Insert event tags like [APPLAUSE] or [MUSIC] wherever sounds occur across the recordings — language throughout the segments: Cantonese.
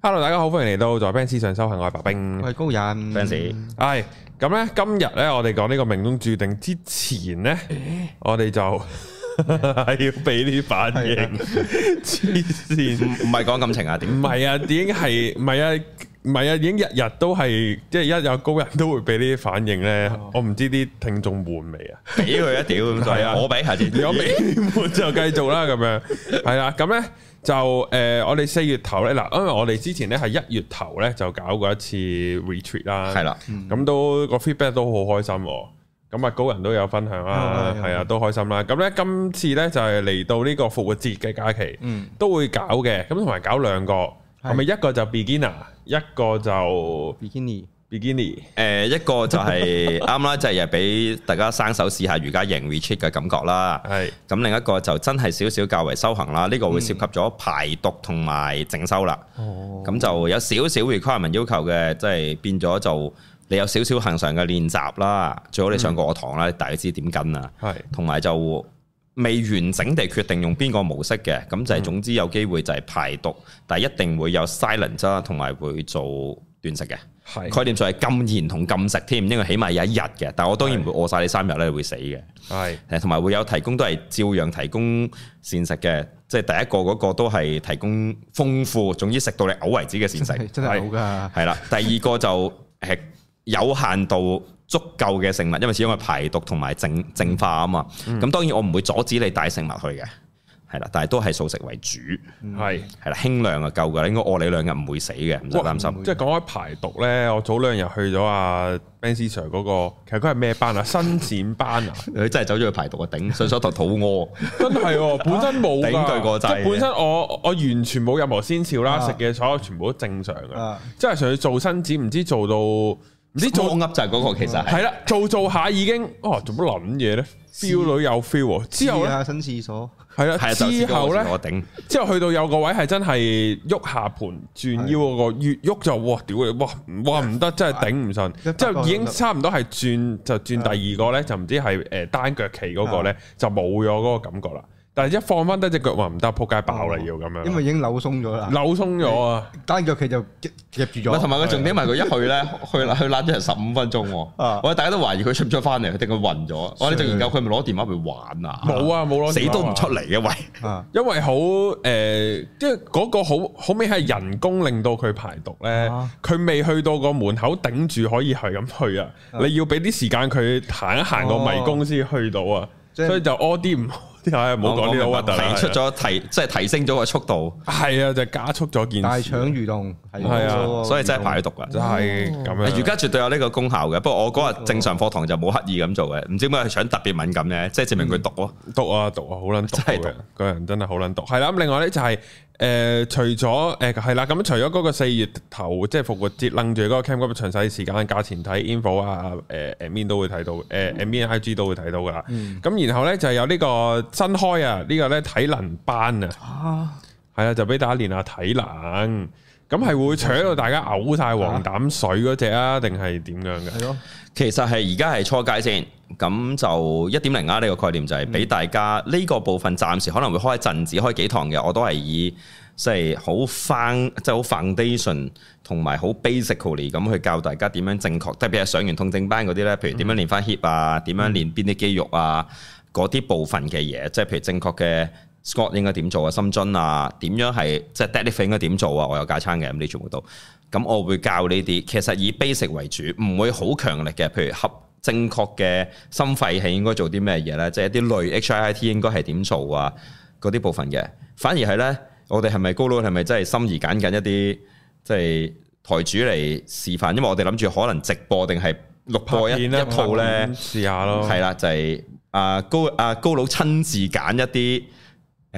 hello，大家好，歡迎嚟到在 Benz 上修行嘅白兵，我係高人 fans，係咁咧，今日咧我哋講呢個命中注定之前咧，我哋就係要俾呢啲反應，黐線，唔係講感情啊，點唔係啊？點係？唔係啊？唔係啊？已經日日都係，即係一有高人都會俾呢啲反應咧。我唔知啲聽眾悶未啊？俾佢啊屌，咁係啊，我俾下先，如果未悶就繼續啦，咁樣係啊，咁咧。就誒、呃，我哋四月頭咧，嗱，因為我哋之前咧係一月頭咧就搞過一次 retreat 啦，係啦，咁、嗯、都個 feedback 都好開心、啊，咁啊高人都有分享啦、啊，係啊、嗯的，都開心啦、啊。咁咧今次咧就係、是、嚟到呢個復活節嘅假期，嗯，都會搞嘅，咁同埋搞兩個，係咪的的一個就 beginner，一個就 beginner、是。比基尼，誒、呃、一個就係啱啦，就係俾大家生手試下瑜伽營 recharge 嘅感覺啦。係是，咁另一個就真係少少較為修行啦。呢、嗯、個會涉及咗排毒同埋整修啦。哦、嗯，咁就有少少 requirement 要求嘅，即、就、係、是、變咗就你有少少行常嘅練習啦。最好你上過我堂啦，嗯、大家知點跟啊。係是，同埋就未完整地決定用邊個模式嘅，咁就係總之有機會就係排毒，但係一定會有 silent 啦，同埋會做。斷食嘅概念上係禁言同禁食添，因為起碼有一日嘅。但我當然唔會餓晒你三日咧，你會死嘅。係誒的，同埋會有提供都係照樣提供膳食嘅，即係第一個嗰個都係提供豐富，總之食到你嘔為止嘅膳食。 [LAUGHS] 真係好噶。係啦，第二個就係有限度足夠嘅食物，因為始終係排毒同埋淨淨化啊嘛。咁、嗯、當然我唔會阻止你帶食物去嘅。係啦，但係都係素食為主，係係啦，輕量啊夠噶，應該餓你兩日唔會死嘅，唔使擔心。即係講開排毒咧，我早兩日去咗阿、啊、Ben Sir 嗰、那個，其實佢係咩班啊？伸展班啊，佢 [LAUGHS] 真係走咗去排毒啊，頂，上手台肚屙，真係、哦，本身冇頂句個仔，本身我我完全冇任何先兆啦，食嘅所有全部都正常嘅，啊啊、即係上咗做伸展，唔知做到。唔知做噏就係嗰個，嗯、其實係。係啦，做做下已經，哦，做乜撚嘢咧？feel 女有 feel 喎。之後呢，下新廁所。係啊了，係啊，之後咧，我我之後去到有個位係真係喐下盤轉腰嗰個，越喐就哇屌嘅，哇哇唔得，真係頂唔順。是之後已經差唔多係轉就轉第二個咧，的就唔知係誒單腳企嗰個咧，的個就冇咗嗰個感覺啦。但係一放翻低隻腳話唔得，仆街爆啦要咁樣，因為已經扭鬆咗啦，扭鬆咗啊！單腳佢就夾住咗，同埋佢仲頂埋佢一去咧，去啦，去咗成十五分鐘喎。我哋大家都懷疑佢出唔出翻嚟，佢定佢暈咗？我哋就研究佢咪攞電話咪玩啊？冇啊冇攞，死都唔出嚟啊喂，因為好誒，即係嗰個好好尾係人工令到佢排毒咧。佢未去到個門口頂住可以係咁去啊！你要俾啲時間佢行一行個迷宮先去到啊！所以就屙啲唔～係啊，冇講啲好核突嘅，出咗提即係提升咗個速度。係啊，就加速咗件事。大腸蠕動係啊，所以真係排毒噶。就係咁樣。瑜伽絕對有呢個功效嘅。不過我嗰日正常課堂就冇刻意咁做嘅。唔知點解佢腸特別敏感咧，即係證明佢毒咯。毒啊毒啊，好撚毒，真係毒。個人真係好撚毒。係啦，咁另外咧就係。誒、呃，除咗誒係啦，咁、呃、除咗嗰個四月頭即係復活節拎住嗰個 camp 嗰個詳細時間、價錢睇 info 啊，誒、呃、admin 都會睇到，誒 admin 喺 G 都會睇到噶啦。咁、嗯嗯、然後咧就有呢個新開啊，這個、呢個咧體能班啊，係啊，就俾大家練下體能，咁係會搶到大家嘔晒黃膽水嗰隻啊，定係點樣嘅？係咯，其實係而家係初階先。咁就一點零啊！呢個概念就係俾大家呢、嗯、個部分，暫時可能會開一陣子，開幾堂嘅。我都係以即係好翻，即係好 foundation 同埋好 basically 咁去教大家點樣正確。特別係上完痛症班嗰啲咧，譬如點樣練翻 hip 啊，點樣練邊啲肌肉啊，嗰啲、嗯、部分嘅嘢，即係譬如正確嘅 squat 應該點做啊，深蹲啊，深蹲啊，點樣係即係 deadlift 應該點做啊，我有加餐嘅，咁你做唔到。咁我會教呢啲，其實以 basic 為主，唔會好強力嘅，譬如合。正確嘅心肺係應該做啲咩嘢咧？即係一啲類 HIIT 應該係點做啊？嗰啲部分嘅，反而係咧，我哋係咪高佬係咪真係心儀揀緊一啲即係台主嚟示範？因為我哋諗住可能直播定係錄播，一套咧、嗯，試下咯，係啦，就係啊高啊高佬親自揀一啲。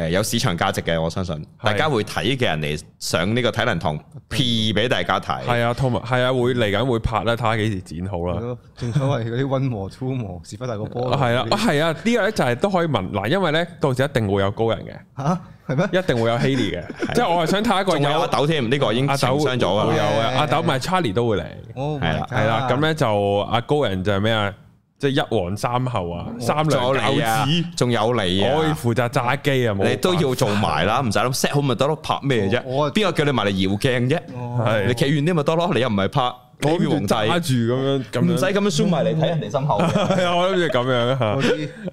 誒，有市場價值嘅，我相信大家會睇嘅人嚟上呢個體能堂 P 俾大家睇。係啊，Tommy 係啊，會嚟緊會拍啦，睇下幾時剪好啦。正所謂嗰啲溫和粗磨，時不大個波。係啊，啊係啊，呢個咧就係都可以問。嗱，因為咧到時一定會有高人嘅。嚇係咩？一定會有 Haley 嘅。即係我係想睇一個有阿豆添，呢個已經受傷咗啊。有啊，阿豆唔係，Charlie 都會嚟。係啦，係啦，咁咧就阿高人就係咩啊？即係一王三後啊，三娘有你，仲有你啊，你啊我可以負責揸機啊，你都要做埋啦，唔使諗 set 好咪得咯，拍咩啫？邊個叫你埋嚟搖鏡啫，啊？哦、的你企遠啲咪得咯，你又唔係拍。剪短制住咁樣，唔使咁樣 show 埋嚟睇人哋心口。係啊，我諗住咁樣吓，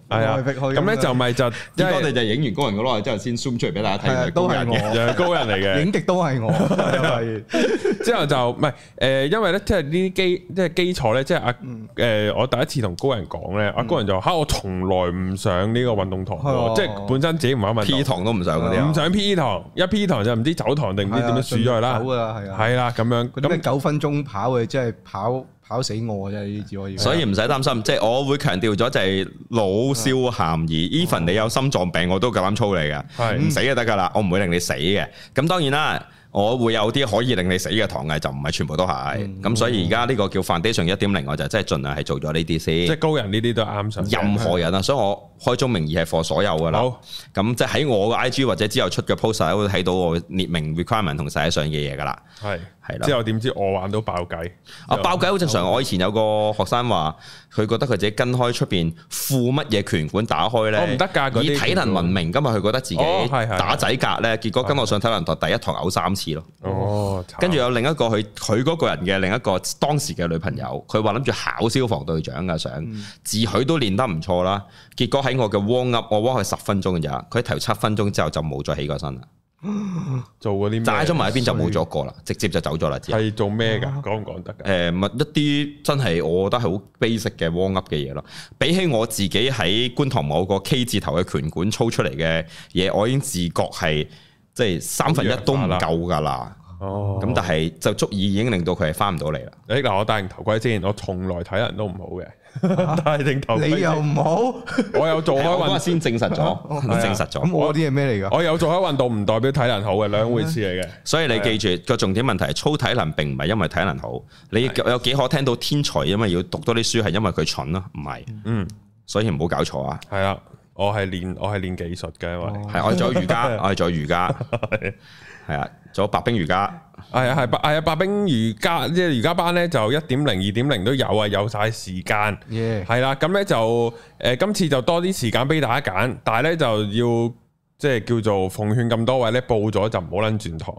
係啊，咁咧就咪就，因為我哋就影完高人嗰攞之後先 show 出嚟俾大家睇都係我，又高人嚟嘅，影極都係我。之後就唔係誒，因為咧即係呢啲基即係基礎咧，即係阿誒我第一次同高人講咧，阿高人就話吓我從來唔上呢個運動堂，即係本身自己唔玩運動。P 堂都唔上，啲。唔上 P 堂，一 P 堂就唔知走堂定唔知點樣鼠咗去啦。係啊，係啦，咁樣咁九分鐘跑。佢真係跑跑死我啊！真係，所以唔使擔心。即係我會強調咗，就係老少咸宜。Even 你有心臟病，我都夠膽操你噶，唔、嗯、死就得噶啦。我唔會令你死嘅。咁當然啦。我會有啲可以令你死嘅糖藝，就唔係全部都係。咁、嗯、所以而家呢個叫 foundation 一點零，我就真係盡量係做咗呢啲先。即係高人呢啲都啱上。任何人啊。嗯、所以我開宗明義係 for 所有噶啦。好。咁即係喺我嘅 IG 或者之後出嘅 post，e r 都睇到我列明 requirement 同寫上嘅嘢噶啦。係係啦。的之後點知我玩到爆偈？啊爆偈好正常。好我以前有個學生話。佢覺得佢自己跟開出面付乜嘢拳館打開咧，我唔得噶。以體能聞名，今日佢覺得自己打仔格咧，結果今日上體能堂第一堂，嘔三次咯。哦，跟住有另一個佢佢嗰個人嘅另一個當時嘅女朋友，佢話諗住考消防隊長噶，想自佢都練得唔錯啦。結果喺我嘅 warm up 我 warm 佢十分鐘嘅咋，佢頭七分鐘之後就冇再起過身啦。做啲，揸咗埋一邊就冇咗個啦，以直接就走咗啦。係做咩噶？講唔講得？誒、呃，一啲真係，我覺得係好 basic 嘅 warm up 嘅嘢咯。比起我自己喺觀塘某個 K 字頭嘅拳館操出嚟嘅嘢，我已經自覺係即係三分一都唔夠噶啦。哦，咁但係就足以已經令到佢係翻唔到嚟啦。誒、哦，嗱、欸，我戴完頭盔之前，我從來睇人都唔好嘅。戴定頭盔，你又唔好，我有做開運動先證實咗，證實咗。咁我啲嘢係咩嚟噶？我有做開運動，唔代表體能好嘅，兩回事嚟嘅。所以你記住個重點問題係，操體能並唔係因為體能好，你有幾可聽到天才，因為要讀多啲書係因為佢蠢咯，唔係，嗯，所以唔好搞錯啊。係啊，我係練我係練技術嘅，係我做瑜伽，我係做瑜伽。係啊，仲有白兵瑜伽，係啊係白係啊白兵瑜伽，即係瑜伽班咧就一點零、二點零都有啊，有晒時間，係啦 Yeah.。咁咧就誒、呃，今次就多啲時間俾大家揀，但係咧就要即係叫做奉勸咁多位咧報咗就唔好捻轉堂，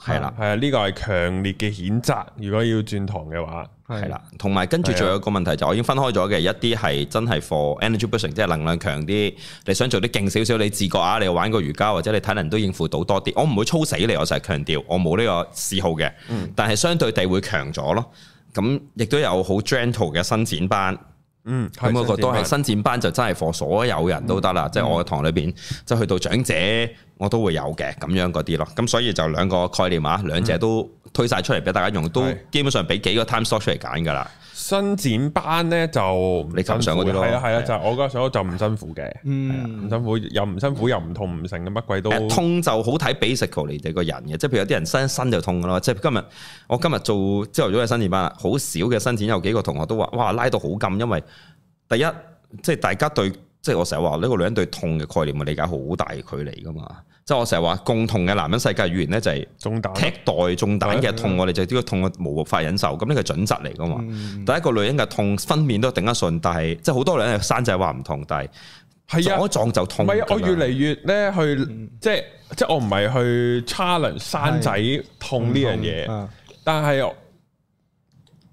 係啦，係啊的，呢、這個係強烈嘅譴責。如果要轉堂嘅話。係啦，同埋跟住仲有一個問題就，的我已經分開咗嘅一啲係真係 for energy boosting 即係能量強啲，你想做啲勁少少，你自覺啊，你玩個瑜伽或者你體能都應付到多啲。我唔會操死你，我成日強調，我冇呢個嗜好嘅，嗯、但係相對地會強咗咯。咁亦都有好 gentle 嘅伸展班，嗯，咁嗰個都係伸展班就真係 for 所有人都得啦，即係、嗯、我嘅堂裏邊，即係去到長者我都會有嘅，咁樣嗰啲咯。咁所以就兩個概念啊，兩者都、嗯。推晒出嚟俾大家用，都基本上俾幾個 times out 出嚟揀㗎啦。伸展班咧就你做唔上嗰啲咯。係啊係啊，就我覺得上就唔辛苦嘅。嗯，唔辛苦又唔的的辛苦又唔痛唔成嘅乜鬼都、嗯。痛就好睇 basically 嚟嘅個人嘅，即係譬如有啲人伸伸就痛㗎咯。即、就、係、是、今日我今日做朝頭早嘅伸展班啊，好少嘅伸展有幾個同學都話哇拉到好緊！因為第一即係大家對即係我成日話呢個女人對痛嘅概念嘅理解好大距離㗎嘛。即係我成日話共同嘅男人世界語言咧就係踢袋中彈嘅痛，我哋就呢個痛嘅無法忍受。咁呢個準則嚟㗎嘛。第一個女人嘅痛分娩都頂得順，但係，即係好多女人生仔話唔痛，但係我撞就痛，痛。唔係、啊、我越嚟越咧去即係即係我唔係去 challenge 生仔痛呢樣嘢，但係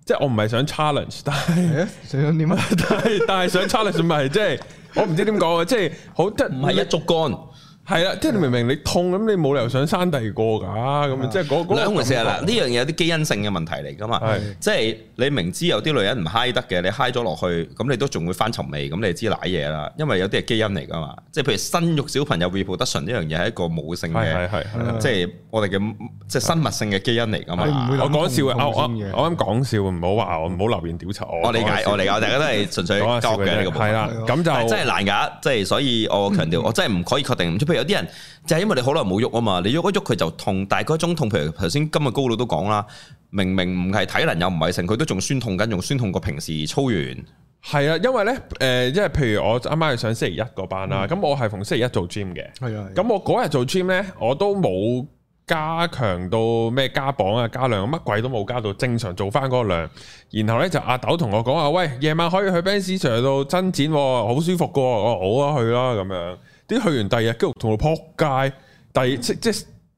即係我唔係想 challenge，但係想點啊？ [LAUGHS] 但係但係想 challenge 咪即係我唔知點講、就是、啊！即係好得唔係一足竿。係啊，即係你明明你痛咁，你冇理由想生第二個噶，咁即係嗰嗰兩回事啦。呢樣嘢有啲基因性嘅問題嚟噶嘛，即係你明知有啲女人唔嗨得嘅，你嗨咗落去，咁你都仲會翻尋味，咁你知瀨嘢啦。因為有啲係基因嚟噶嘛，即係譬如生育小朋友 reproduction 呢樣嘢係一個母性嘅，即係我哋嘅即係生物性嘅基因嚟噶嘛。我講笑啊，我我我講笑，唔好話我唔好留言屌查我。我理解我理解，大家都係純粹教嘅呢個。係啦，咁就真係難噶，即係所以我強調，我真係唔可以確定。譬如有啲人就係因為你好耐冇喐啊嘛，你喐一喐佢就痛，但係嗰種痛，譬如頭先今日高佬都講啦，明明唔係體能又唔係剩，佢都仲酸痛緊，仲酸痛過平時操完。係啊，因為呢，誒、呃，即係譬如我啱啱係上星期一嗰班啦，咁、嗯、我係逢星期一做 gym 嘅。係啊，咁、啊、我嗰日做 gym 呢，我都冇加強到咩加磅啊，加量乜鬼都冇加到，正常做翻嗰個量。然後呢，就阿豆同我講啊，喂，夜晚可以去 Benz 度伸展，好舒服噶，我好啊，去啦咁樣。啲去完第二日，跟住同我仆街。第即即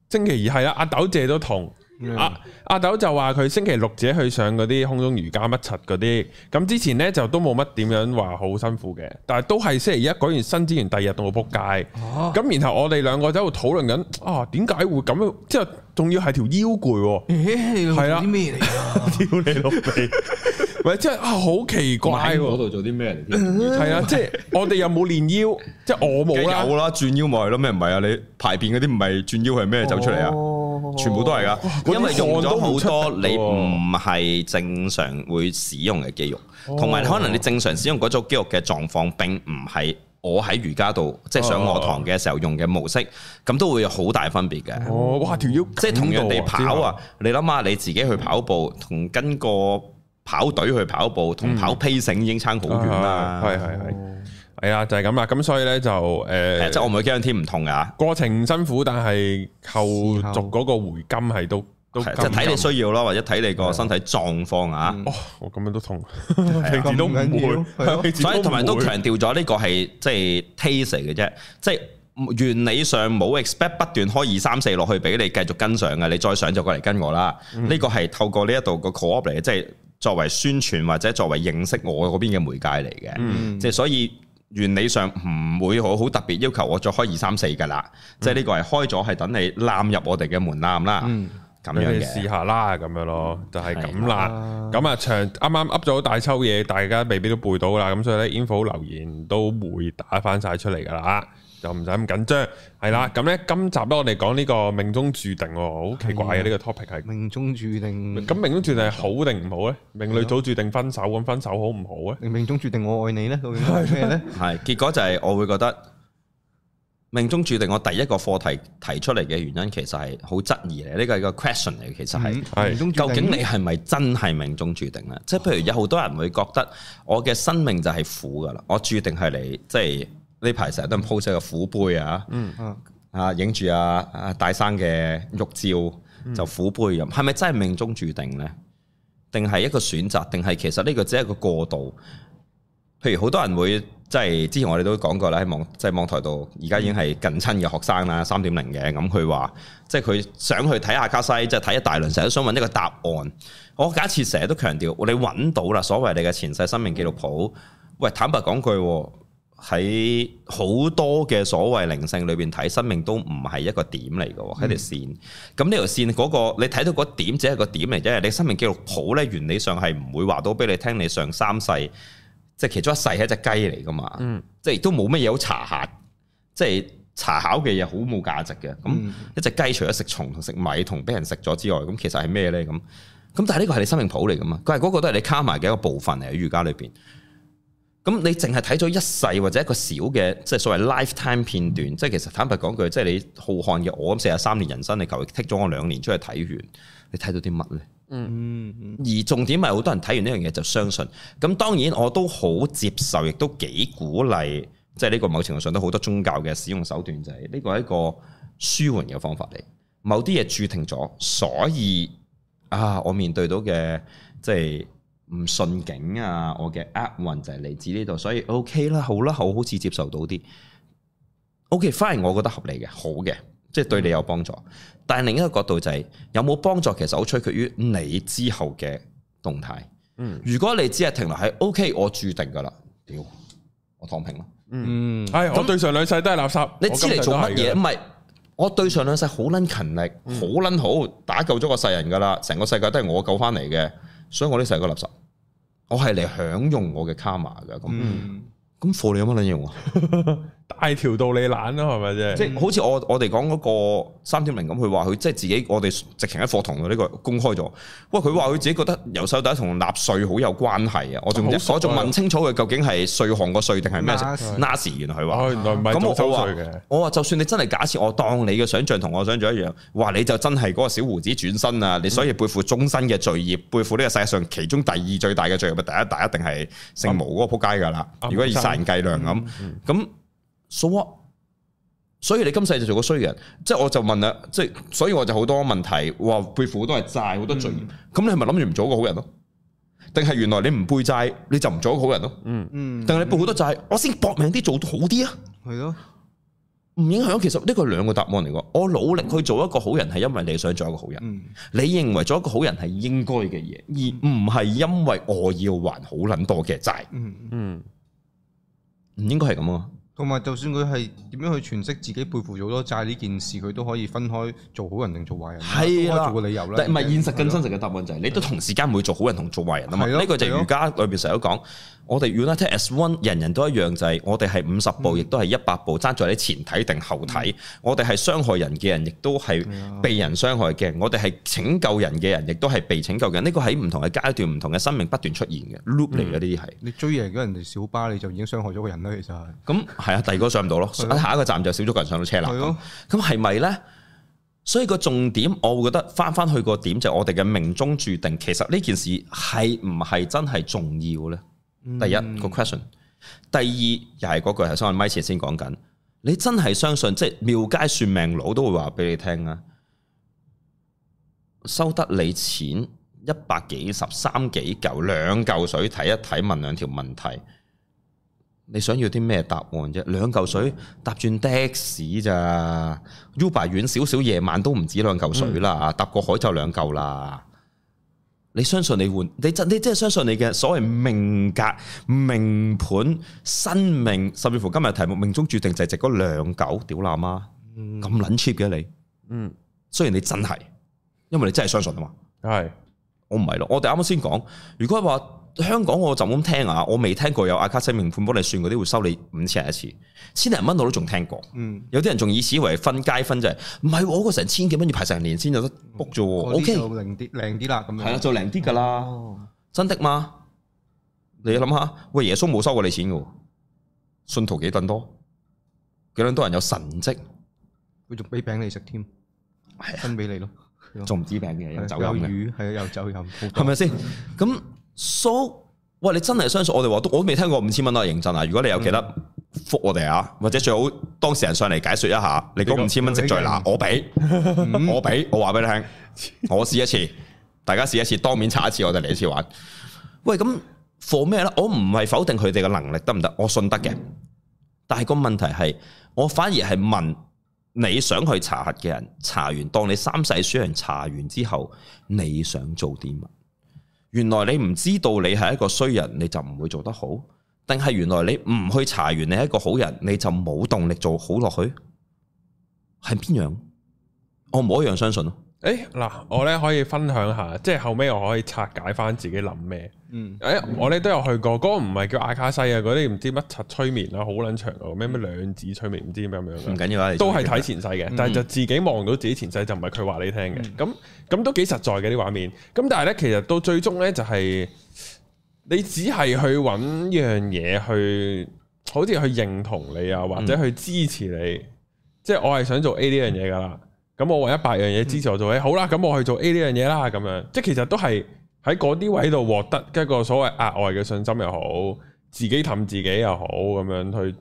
星期二係啦，阿豆借都同、嗯、阿阿豆就話佢星期六自己去上嗰啲空中瑜伽乜柒嗰啲。咁之前呢，就都冇乜點樣話好辛苦嘅，但係都係星期一改完身之前，第二日同我仆街。咁、啊、然後我哋兩個喺度討論緊，啊點解會咁？即係仲要係條腰攰，係啦咩嚟噶？屌你老味！是的 [LAUGHS] [LAUGHS] 喂，即係啊，好奇怪喎！喺度做啲咩？係啊，即係我哋又冇練腰，即係我冇啦。有啦，轉腰冇係咯，咩唔係啊？你排便嗰啲唔係轉腰係咩？走出嚟啊，全部都係噶。因為用咗好多你唔係正常會使用嘅肌肉，同埋可能你正常使用嗰種肌肉嘅狀況，並唔係我喺瑜伽度即係上我堂嘅時候用嘅模式，咁都會有好大分別嘅。哦，哇！條腰即係同人哋跑啊，你諗下你自己去跑步同跟個。跑隊去跑步同跑 pacing 已經差好遠啦，係係係，係啊，就係咁啦。咁所以咧就誒，即係我唔會驚天唔痛㗎。過程辛苦，但係後續嗰個回甘係都都即係睇你需要咯，或者睇你個身體狀況啊。哇，我咁樣都痛，平時都唔會。所以同埋都強調咗呢個係即係 taste 嚟嘅啫，即係原理上冇 expect 不斷開二三四落去俾你繼續跟上嘅。你再上就過嚟跟我啦。呢個係透過呢一度個 core 嚟嘅，即係。作為宣傳或者作為認識我嗰邊嘅媒介嚟嘅，嗯、即係所以原理上唔會好好特別要求我再開二三四㗎啦，嗯、即係呢個係開咗係等你攬入我哋嘅門檻啦，咁、嗯、樣嘅試下啦咁樣咯，就係咁啦。咁啊長啱啱噏咗大抽嘢，大家未必都背到啦，咁所以咧 Info 留言都會打翻晒出嚟㗎啦。又唔使咁緊張，係啦。咁咧，今集咧我哋講呢個命中註定，好奇怪呀呢個 topic 係。命中註定。咁命中註定係好定唔好咧？命裏早註定分手，咁分手好唔好咧？命命中註定我愛你咧，係咩咧？係結果就係我會覺得命中註定我第一個課題提出嚟嘅原因，其實係好質疑嘅。呢個係個 question 嚟嘅，其實係係。究竟你係咪真係命中註定咧？即係譬如有好多人會覺得我嘅生命就係苦噶啦，我註定係你即係。呢排成日都 post 個虎背啊，嗯嗯，啊影住啊阿大生嘅玉照就虎背咁，係咪真係命中注定咧？定係一個選擇？定係其實呢個只係一個過渡？譬如好多人會即係之前我哋都講過啦，喺網即係網台度，而家已經係近親嘅學生啦，三點零嘅，咁佢話即係佢想去睇下卡西，即係睇一大輪，成日都想揾一個答案。我假設成日都強調，你揾到啦，所謂你嘅前世生命記錄簿。喂，坦白講句。喺好多嘅所謂靈性裏邊，睇生命都唔係一個點嚟嘅喎，喺、嗯、條線、嗰個。咁呢條線嗰個你睇到嗰點只係個點嚟啫。你生命記錄簿咧，原理上係唔會話到俾你聽，你上三世即係、就是、其中一世係一隻雞嚟噶嘛。嗯，即係都冇乜嘢好查下，即、就、係、是、查考嘅嘢好冇價值嘅。咁一隻雞除咗食蟲同食米同俾人食咗之外，咁其實係咩咧？咁咁但係呢個係你生命簿嚟噶嘛？佢係嗰個都係你卡埋嘅一個部分嚟，喺瑜伽裏邊。咁你淨係睇咗一世或者一個小嘅，即係所謂 lifetime 片段，即係其實坦白講句，即係你浩瀚嘅我咁四十三年人生，你求其剔咗我兩年出去睇完，你睇到啲乜呢？嗯，嗯。而重點係好多人睇完呢樣嘢就相信。咁當然我都好接受，亦都幾鼓勵。即係呢個某程度上都好多宗教嘅使用手段，就係呢個係一個舒緩嘅方法嚟。某啲嘢註定咗，所以啊，我面對到嘅即係。唔順境啊，我嘅厄運就係嚟自呢度，所以 OK 啦，好啦，好好似接受到啲 OK 反而我覺得合理嘅，好嘅，即係對你有幫助。嗯、但係另一個角度就係、是、有冇幫助，其實好取決於你之後嘅動態。嗯，如果你只係停留喺 OK，、嗯、我注定噶啦，屌，我躺平咯。嗯，嗯、哎，係我對上兩世都係垃圾，嗯、你知你做乜嘢？唔係我，我對上兩世好捻勤力，好捻、嗯、好，打救咗個世人噶啦，成個世界都係我救翻嚟嘅。所以我呢成個垃圾，我係嚟享用我嘅卡瑪嘅咁，咁貨、嗯、你有乜卵用啊？ [LAUGHS] 大條道理懶咯，係咪啫？即係好似我我哋講嗰個三點零咁，佢話佢即係自己，我哋直情喺課堂度呢個公開咗。喂，佢話佢自己覺得由細到大同納稅好有關係啊！我仲我仲問清楚佢究竟係稅項個稅定係咩？納稅，對 原來佢話咁我話我話就算你真係假設我當你嘅想象同我想象一樣，哇！你就真係嗰個小鬍子轉身啊！你所以背負終身嘅罪業，嗯、背負呢個世界上其中第二最大嘅罪業，第一大一定係姓毛嗰個撲街噶啦！嗯、如果以殺人計量咁咁。嗯嗯嗯所以，so，所以你今世就做個衰人，即係我就問啦，即係所以我就好多問題，哇，背負好多債，好多罪，咁、嗯、你係咪諗住唔做一個好人咯？定係原來你唔背債，你就唔做一個好人咯？嗯嗯，定係你背好多債，我先搏命啲做好啲啊，係咯、嗯，唔影響。其實呢個兩個答案嚟嘅，我努力去做一個好人，係因為你想做一個好人，嗯、你認為做一個好人係應該嘅嘢，而唔係因為我要還好撚多嘅債、嗯。嗯嗯，唔應該係咁啊。同埋，就算佢係點樣去詮釋自己背負咗多債呢件事，佢都可以分開做好人定做壞人，分開的做個理由啦。但唔係現實更真實嘅答案就係，你都同時間會做好人同做壞人啊的嘛。呢個就係瑜伽裏邊成日都講。我哋 United as one，人人都一樣就係、是、我哋係五十步亦都係一百步，爭在你前睇定後睇。嗯、我哋係傷害人嘅人，亦都係被人傷害嘅。嗯、我哋係拯救人嘅人，亦都係被拯救嘅。呢個喺唔同嘅階段、唔、嗯、同嘅生命不斷出現嘅 loop 嚟嘅呢啲係。你追贏人咗人哋小巴，你就已經傷害咗個人啦。其實咁係啊，第二個上唔到咯。 [LAUGHS] 下一個站就少咗個人上到車啦。咁係咪咧？所以個重點，我會覺得翻翻去個點就係我哋嘅命中注定。其實呢件事係唔係真係重要咧？第一個 question、嗯、第二又係嗰句係收喺咪前先講緊。你真係相信即係廟街算命佬都會話俾你聽啊！收得你錢一百幾十三幾嚿兩嚿水睇一睇問兩條問題，你想要啲咩答案啫？兩嚿水搭轉的士咋？Uber 遠少少夜晚都唔止兩嚿水啦，搭、嗯、過海就兩嚿啦。你相信你換，你真你真係相信你嘅所謂命格、命盤、生命，甚至乎今日題目命中注定就係值嗰兩九屌乸媽，咁撚 cheap 嘅你，嗯，雖然你真係，因為你真係相信啊嘛，係是，我唔係咯，我哋啱啱先講，如果話。香港我就咁聽啊，我未聽過有阿卡西命盤幫你算嗰啲會收你五千人一次，千零蚊我都仲聽過。嗯，有啲人仲以此為分階分、啊那個、就啫，唔係我個成千幾蚊要排成年先有得 book 啫。O K 就靈啲，靈啲啦。咁樣係啦，就靈啲噶啦。哦、真的嗎？你諗下，喂，耶穌冇收過你錢噶，信徒幾頓多，幾多多人有神蹟，佢仲俾餅你食添，係、啊、分俾你咯，仲唔止餅嘅，有酒有魚，係啊，有酒有酒，係咪先咁？So，喂，你真係相信我哋話，我都未聽過五千蚊都係認真啊！如果你有其他，覆我哋啊，或者最好當事人上嚟解說一下，嗯、你講五千蚊值唔值？我俾，我俾，我話俾你聽，我試一次， [LAUGHS] 大家試一次，當面查一次，我哋嚟一次玩。喂，咁 for 咩啦？我唔係否定佢哋嘅能力得唔得？我信得嘅，但係個問題係，我反而係問你想去查核嘅人，查完當你三世書人查完之後，你想做啲乜？原來你唔知道你係一個衰人，你就唔會做得好？定係原來你唔去查完你係一個好人，你就冇動力做好落去。係邊樣？我冇一樣相信咯。誒，嗱，我咧可以分享下，即係後尾我可以拆解翻自己諗咩。嗯，誒，我咧都有去過，嗰、那個唔係叫阿卡西啊，嗰啲唔知乜柒催眠啦，好撚長啊，咩咩兩指催眠，唔知點樣樣。唔緊要啦，都係睇前世嘅，嗯、但係就自己望到自己前世就唔係佢話你聽嘅。咁咁、嗯、都幾實在嘅啲畫面。咁但係咧，其實到最終咧就係、是、你只係去揾一樣嘢去，好似去認同你啊，或者去支持你。嗯嗯、即係我係想做 A 呢樣嘢噶啦。咁我為一百樣嘢，支持我做嘢，嗯欸，好啦，咁我去做 A 呢樣嘢啦，咁樣，即係其實都係喺嗰啲位度獲得一個所謂額外嘅信心又好，自己氹自己又好，咁樣去，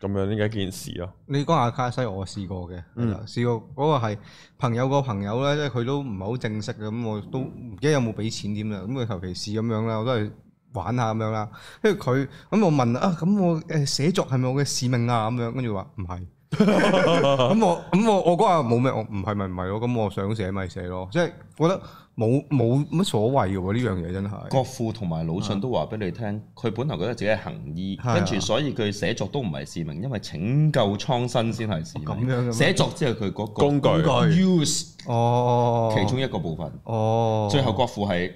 咁樣呢一件事咯。你講阿卡西我試，我試、嗯、過嘅，試過嗰個係朋友個朋友咧，即係佢都唔係好正式嘅，咁我都唔知有冇俾錢點啦，咁佢求其試咁樣啦，我都係玩下咁樣啦。跟住佢，咁我問啊，咁我誒寫作係咪我嘅使命啊？咁樣跟住話唔係。咁 [LAUGHS] 我咁我我嗰日冇咩，我唔係咪唔係咯？咁我，我想寫咪寫咯，即係覺得冇冇乜所謂嘅呢樣嘢，真係。國父同埋魯迅都話俾你聽，佢、啊、本來覺得自己係行醫，啊、跟住所以佢寫作都唔係使命，因為拯救蒼生先係使命。寫作之後佢嗰個工具 use, 具 S, Use 哦， 其中一個部分哦。最後國父係。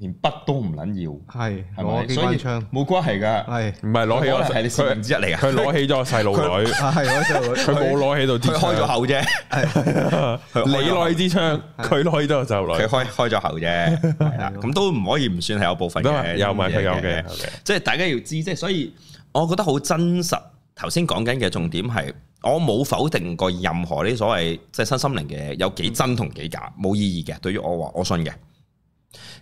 連筆都唔撚要，係係咪？所以冇關係㗎，係唔係攞起我係你四分之一嚟㗎？佢攞起咗個細路女，係攞細路女，佢冇攞起到，佢開咗口啫。係，你攞支槍，佢攞起咗個細路女，佢開開咗口啫。係啦，咁都唔可以唔算係有部分，嘅，有咪佢有嘅，即係大家要知，即係所以，我覺得好真實。頭先講緊嘅重點係，我冇否定過任何啲所謂即係新心靈嘅有幾真同幾假，冇意義嘅。對於我話我信嘅。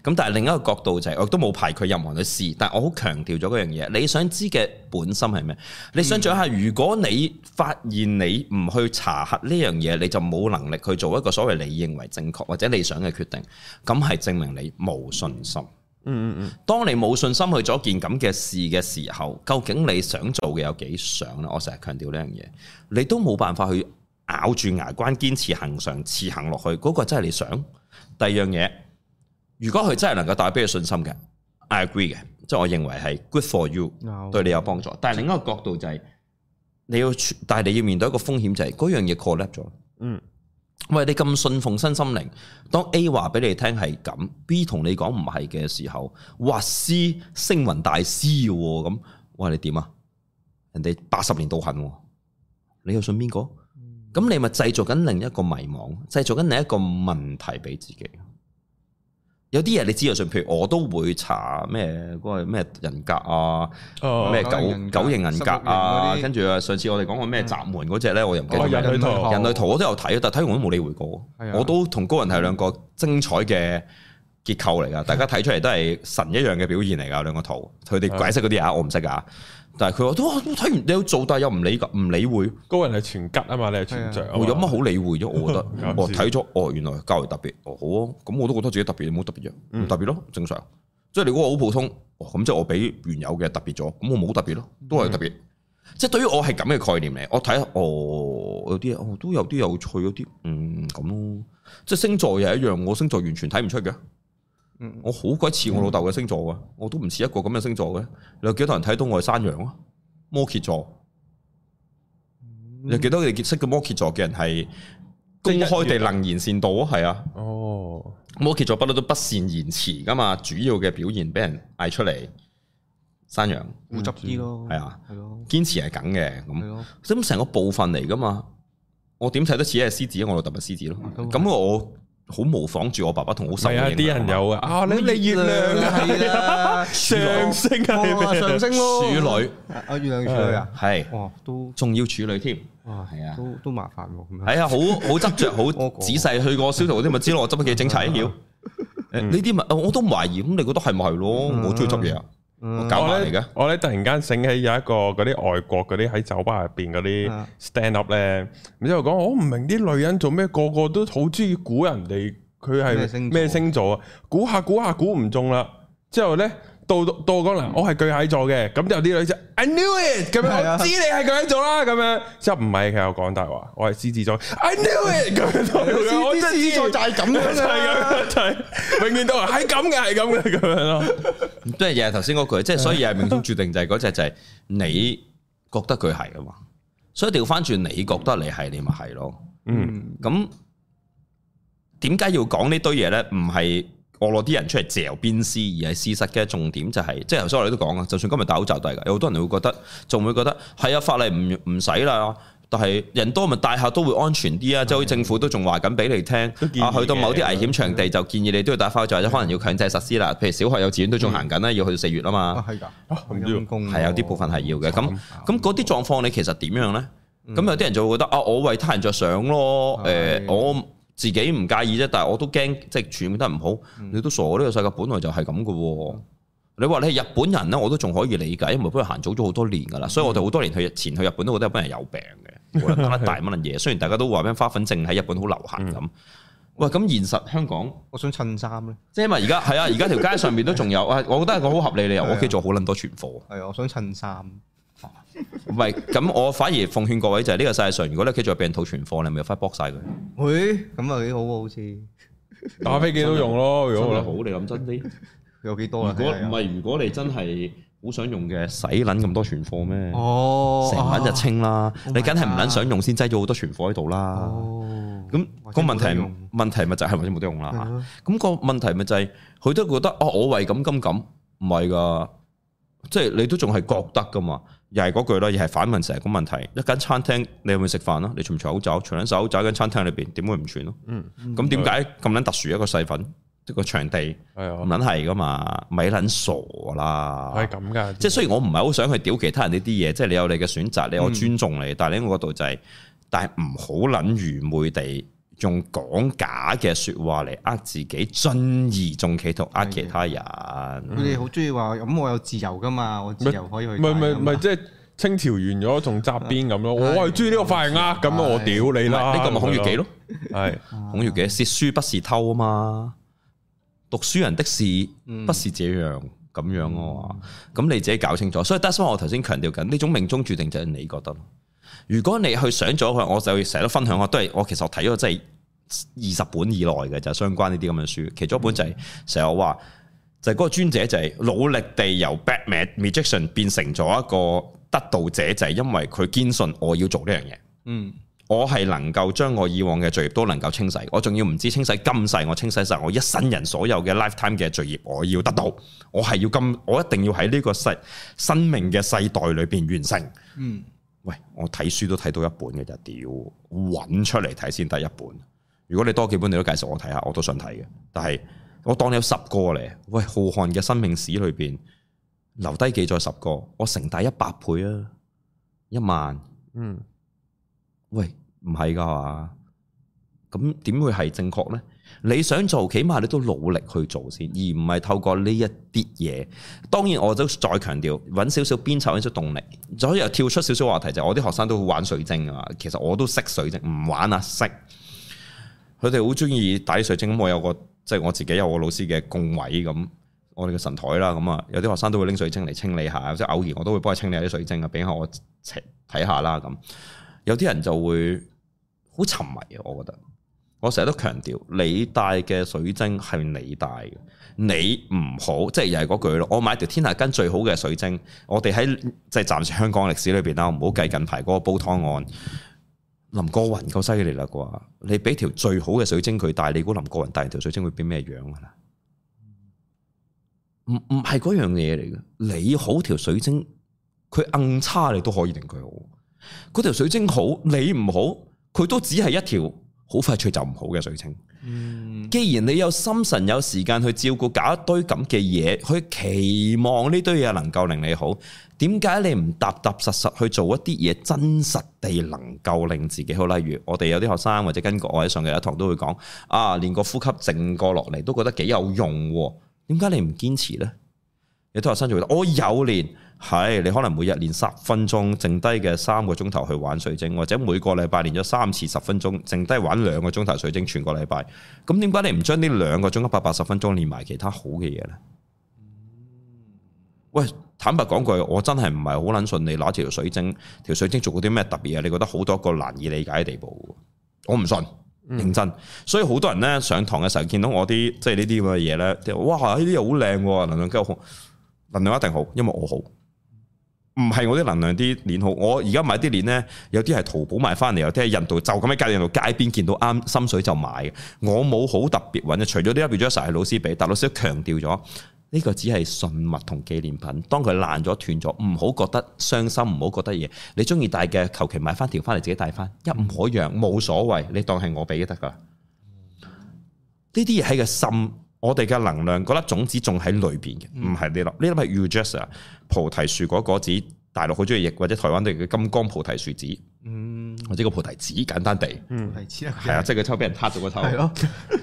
咁但係另一個角度就係我都冇排佢任何嘅事，但係我好強調咗嗰樣嘢，你想知嘅本心係咩？你想象下，如果你發現你唔去查核呢樣嘢，你就冇能力去做一個所謂你認為正確或者理想嘅決定，咁係證明你冇信心。嗯嗯嗯。當你冇信心去做一件咁嘅事嘅時候，究竟你想做嘅有幾想咧？我成日強調呢樣嘢，你都冇辦法去咬住牙關堅持行上次行落去，嗰個真係你想。第二樣嘢。如果佢真係能夠帶俾你信心嘅，I agree 嘅，即係我認為係 good for you，Okay. 對你有幫助。但係另一個角度就係、是，你要，但係你要面對一個風險就係嗰樣嘢 collapse 咗。嗯，喂，你咁信奉身心靈，當 A 話俾你聽係咁，B 同你講唔係嘅時候，哇，C 星雲大師嘅喎，咁，哇，你點啊？人哋八十年都恨，你又信邊個？咁你咪製造緊另一個迷惘，製造緊另一個問題俾自己。有啲嘢你知道上，譬如我都會查咩嗰咩人格啊，咩、哦、九九型人格啊，跟住啊上次我哋講過咩閘門嗰隻咧，嗯、我又唔、哦、記得。人類，哦、人類圖我都有睇，但睇完我都冇理會過。的我都同高人係兩個精彩嘅結構嚟噶，大家睇出嚟都係神一樣嘅表現嚟噶兩個圖，佢哋解釋嗰啲啊，我唔識啊。但係佢話：都、哦、睇完你要做，但又唔理㗎，唔理會。高人係全吉啊嘛，你係全象。的我有乜好理會啫？我覺得， [LAUGHS] 樣子 我睇咗，哦，原來較為特別，哦好啊。咁我都覺得自己特別，冇特別嘅，唔、嗯、特別咯，正常。即係你嗰個好普通，哦，咁即係我比原有嘅特別咗，咁我冇特別咯，都係特別。嗯、即係對於我係咁嘅概念嚟，我睇下，哦，有啲、哦、都有啲有趣，有啲，嗯，咁咯。即係星座又一樣，我星座完全睇唔出嘅。嗯，我好鬼似我老豆嘅星座嘅，我都唔似一個咁嘅星座嘅。你有幾多人睇到我係山羊啊？摩羯座，有幾多你識嘅摩羯座嘅人係公開地能言善道啊？係啊，哦，摩羯座不嬲都不善言辭噶嘛，主要嘅表現俾人嗌出嚟。山羊固執啲咯，係啊，堅咯持係緊嘅，咁，咁成對咯 個部分嚟噶嘛。我點睇得似係獅子，我老豆咪獅子咯。咁、嗯、那我。好模仿住我爸爸同好細，係啲人有啊啊！你你月亮啊，上升啊，上升咯，處女啊，月亮處女啊，係哇，都仲要處女添，哇係啊，都都麻煩喎。係啊，好好執着，好仔細去過消毒嗰啲咪知咯，我執乜嘢整齊啲誒，呢啲咪我都懷疑，你覺得係咪咯？我中意執嘢啊。我呢，我呢突然間醒起有一個嗰啲外國嗰啲喺酒吧入邊嗰啲 stand up 呢的。然之後，講我唔明啲女人做咩，個個都好中意估人哋，佢係咩星座啊？估下估下估唔中啦，之後呢。到到我講啦，我係巨蟹座嘅，咁就有啲女仔就 I knew it 咁樣，我知你係巨蟹座啦，咁樣之後唔係佢又講大話，我係獅子座，I knew it 咁樣，我知獅子座就係咁樣嘅，係永遠都係咁嘅，係咁嘅咁樣咯。即係日日頭先嗰句，即係所以係命中注定就係嗰隻就係你覺得佢係啊嘛，所以調翻轉你覺得你係你咪係咯，嗯，咁點解要講呢堆嘢咧？唔係。我攞啲人出嚟嚼邊絲，而係事實嘅重點就係，即係頭先我哋都講啦，就算今日戴口罩都係㗎，有好多人會覺得仲會覺得係啊，法例唔唔使啦，但係人多咪大校都會安全啲啊，即係好似政府都仲話緊俾你聽啊，去到某啲危險場地就建議你都要戴口罩，或者可能要強制實施啦，譬如小學幼稚園都仲行緊啦，要去到四月啊嘛，係㗎，係有啲部分係要嘅，咁咁嗰啲狀況你其實點樣咧？咁有啲人就會覺得啊，我為他人着想咯，誒我。自己唔介意啫，但係我都驚，即係處理得唔好，你都傻。我、這、呢個世界本來就係咁嘅。你話你係日本人咧，我都仲可以理解，因為本來行早咗好多年噶啦。所以我哋好多年去前去日本都覺得日本人有病嘅，冇得 [LAUGHS] 大冇得嘢。雖然大家都話咩花粉症喺日本好流行咁。 [LAUGHS] 喂，咁現實香港，我想襯衫咧，即係因為而家係啊？而家條街上面都仲有啊！ [LAUGHS] 我覺得係個好合理理由，啊、我屋企做好撚多存貨。係啊，我想襯衫。唔係，咁我反而奉勸各位就係呢個世界上，如果你屋企仲有病套存貨，你咪快搏曬佢。喂，咁啊幾好喎，好似打飛機都用咯。如果好，你諗真啲，有幾多啊？如果唔係，如果你真係好想用嘅，使撚咁多存貨咩？哦，成晚就清啦，你梗係唔撚想用先擠咗好多存貨喺度啦。哦，咁個問題問題咪就係或者冇得用啦嚇。咁個問題咪就係佢都覺得啊，我為咁咁咁，唔係㗎。即係你都仲係覺得噶嘛，又係嗰句啦，又係反問成日咁問題。一間餐廳你有冇食飯咯。啊，你存唔存酒，存唔存酒喺間餐廳裏邊，點會唔存咯，啊嗯？嗯，咁點解咁撚特殊一、啊這個細份，即、這個場地，係啊、嗯，撚係噶嘛，咪撚、嗯、傻啦，係咁噶。即係雖然我唔係好想去屌其他人呢啲嘢，即、就、係、是、你有你嘅選擇，你我尊重你，嗯、但係你喺我嗰度就係、是，但係唔好撚愚昧地。仲講假嘅說話嚟呃自己，進而仲企圖呃其他人。佢哋好中意話咁，嗯、我有自由噶嘛，我自由可以去。唔係唔係唔係，即係、就是、清朝完咗，仲紮辮咁咯。我係中意呢個髮型呃咁啊！我屌你啦，呢個咪孔乙己咯？係孔乙己，竊書不是偷啊嘛，讀書人的事不是這樣咁、嗯、樣啊嘛。咁、嗯嗯、你自己搞清楚。所以得，所以我頭先強調緊，呢種命中注定就係你覺得。如果你去想咗佢，我就成日都分享，我都係我其實我睇咗真係二十本以內嘅就相關呢啲咁嘅書，其中一本就係成日話就係嗰個尊者就係努力地由 bad magician 變成咗一個得道者，就係因為佢堅信我要做呢樣嘢，嗯，我係能夠將我以往嘅罪業都能夠清洗，我仲要唔知清洗今世，我清洗晒我一生人所有嘅 lifetime 嘅罪業，我要得到，我係要咁，我一定要喺呢個世生命嘅世代裏邊完成，嗯。喂，我睇書都睇到一本嘅就屌，揾出嚟睇先得一本。如果你多幾本，你都介紹我睇下，我都想睇嘅。但係我當你有十個嚟，喂，浩瀚嘅生命史裏邊留低記載十個，我成大一百倍啊，一萬，嗯，喂，唔係噶嘛？咁點會係正確咧？你想做，起碼你都努力去做先，而唔係透過呢一啲嘢。當然，我都再強調揾少少鞭策，揾出動力。就可以又跳出少少話題，就係、我啲學生都玩水晶啊。其實我都識水晶，唔玩啊，識。佢哋好中意打水晶，咁我有個即係、就係、我自己有個老師嘅供位咁，我哋嘅神台啦，咁啊，有啲學生都會拎水晶嚟清理下，即係偶然我都會幫佢清理下啲水晶啊，俾下我睇下啦咁。有啲人就會好沉迷啊，我覺得。我成日都強調，你戴嘅水晶係你戴嘅，你唔好，即係又係嗰句咯。我買條天下間最好嘅水晶，我哋喺即係暫時香港歷史裏邊啦，唔好計近排嗰個煲湯案。林國雲夠犀利啦啩，你俾條最好嘅水晶佢戴，你估林國雲戴條水晶會變咩樣啊？唔唔係嗰樣嘢嚟嘅，你好條水晶，佢硬差你都可以令佢好。佢條水晶好，你唔好，佢都只係一條。快好快脆就唔好嘅水晶，既然你有心神有時間去照顧搞一堆咁嘅嘢，去期望呢堆嘢能夠令你好，點解你唔踏踏實實去做一啲嘢，真實地能夠令自己好？例如我哋有啲學生或者跟過我喺上嘅一堂都會講，啊，連個呼吸靜過落嚟都覺得幾有用，點解你唔堅持呢？有啲學生就會，我有練。係你可能每日練十分鐘，剩低嘅三個鐘頭去玩水晶，或者每個禮拜練咗三次十分鐘，剩低玩兩個鐘頭水晶，全個禮拜。咁點解你唔將呢兩個鐘一百八十分鐘練埋其他好嘅嘢呢？嗯、喂，坦白講句，我真係唔係好捻，信你攞一條水晶，條水晶做過啲咩特別呀？你覺得好到一個難以理解嘅地步？我唔信，認真。嗯、所以好多人呢，上堂嘅時候見到我啲即係呢啲咁嘅嘢呢，哇！呢啲嘢好靚，能量吉好，能量一定好，因為我好。唔係我啲能量啲鏈好，我而家買啲鏈呢，有啲係淘寶買翻嚟，有啲係印度就咁喺街度街邊見到啱心水就買嘅。我冇好特別揾嘅，除咗呢一對鑽石係老師俾，但老師都強調咗，呢個只係信物同紀念品。當佢爛咗斷咗，唔好覺得傷心，唔好覺得嘢。你中意戴嘅，求其買翻條翻嚟自己戴翻，一模一樣冇所謂，你當係我俾就得噶。呢啲嘢喺個心。我哋嘅能量嗰粒種子仲喺裏邊嘅，唔係呢粒，呢粒係 Ujasa 菩提樹果果子，大陸好中意，亦或者台灣都嘅金剛菩提樹子。嗯，或者個菩提子，簡單地，菩提籽係啊，即係個抽俾人撻咗個頭，係啊，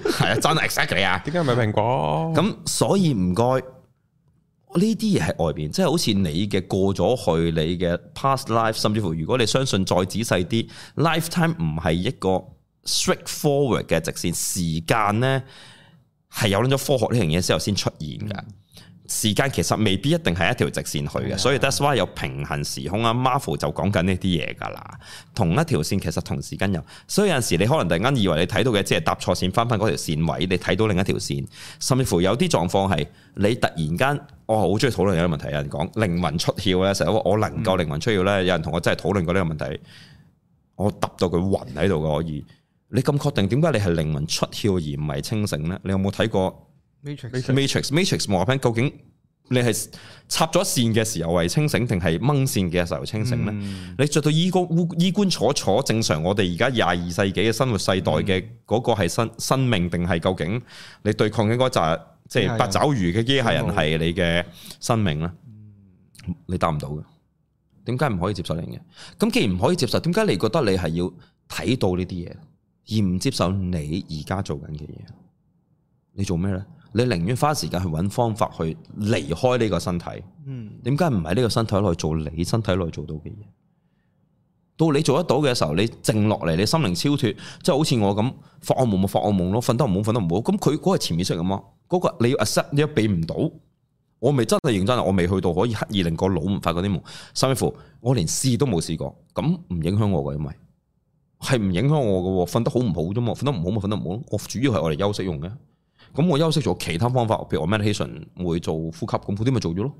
真係 exactly 啊，點解唔係蘋果？咁所以唔該，呢啲嘢喺外邊，即係好似你嘅過咗去你嘅 past life，甚至乎如果你相信再仔細啲，lifetime 唔係一個 straight forward 嘅直線時間咧。係有諗咗科學呢樣嘢之後先出現嘅，時間其實未必一定係一條直線去嘅，嗯、所以 that's why 有平行時空啊，Marvel 就講緊呢啲嘢噶啦，同一條線其實同時間有，所以有陣時你可能突然間以為你睇到嘅即係搭錯線，翻翻嗰條線位，你睇到另一條線，甚至乎有啲狀況係你突然間，我好中意討論有個問題，有人講靈魂出竅咧，成日我能夠靈魂出竅咧，有人同我真係討論過呢個問題，我揼到佢暈喺度嘅可以。你咁確定點解你係靈魂出竅而唔係清醒咧？你有冇睇過 Matrix？Matrix？Matrix？究竟你係插咗線嘅時候係清醒，定係掹線嘅時候清醒咧？嗯、你着到衣冠衣冠楚楚，正常我哋而家廿二世紀嘅生活世代嘅嗰個係生生命，定係、嗯、究竟你對抗嘅嗰扎即係八爪魚嘅機械人係你嘅生命咧？嗯、你答唔到嘅，點解唔可以接受你嘅？咁既然唔可以接受，點解你覺得你係要睇到呢啲嘢？而唔接受你而家做緊嘅嘢，你做咩咧？你寧願花時間去揾方法去離開呢個身體，嗯？點解唔喺呢個身體內做你身體內做到嘅嘢？到你做得到嘅時候，你靜落嚟，你心靈超脫，即係好似我咁，發惡夢咪發惡夢咯，瞓得唔好瞓得唔好。咁佢嗰個潛意識咁啊，嗰、那個你要 accept 你又比唔到，我咪真係認真我未去到，未去到可以刻意令個腦唔發嗰啲夢，甚至乎我連試都冇試過，咁唔影響我噶，因為，係唔影響我嘅，瞓得好唔好啫嘛？瞓得唔好咪瞓得唔好咯。我主要係我嚟休息用嘅，咁我休息咗其他方法，譬如我 meditation 會做呼吸，咁嗰啲咪做咗咯。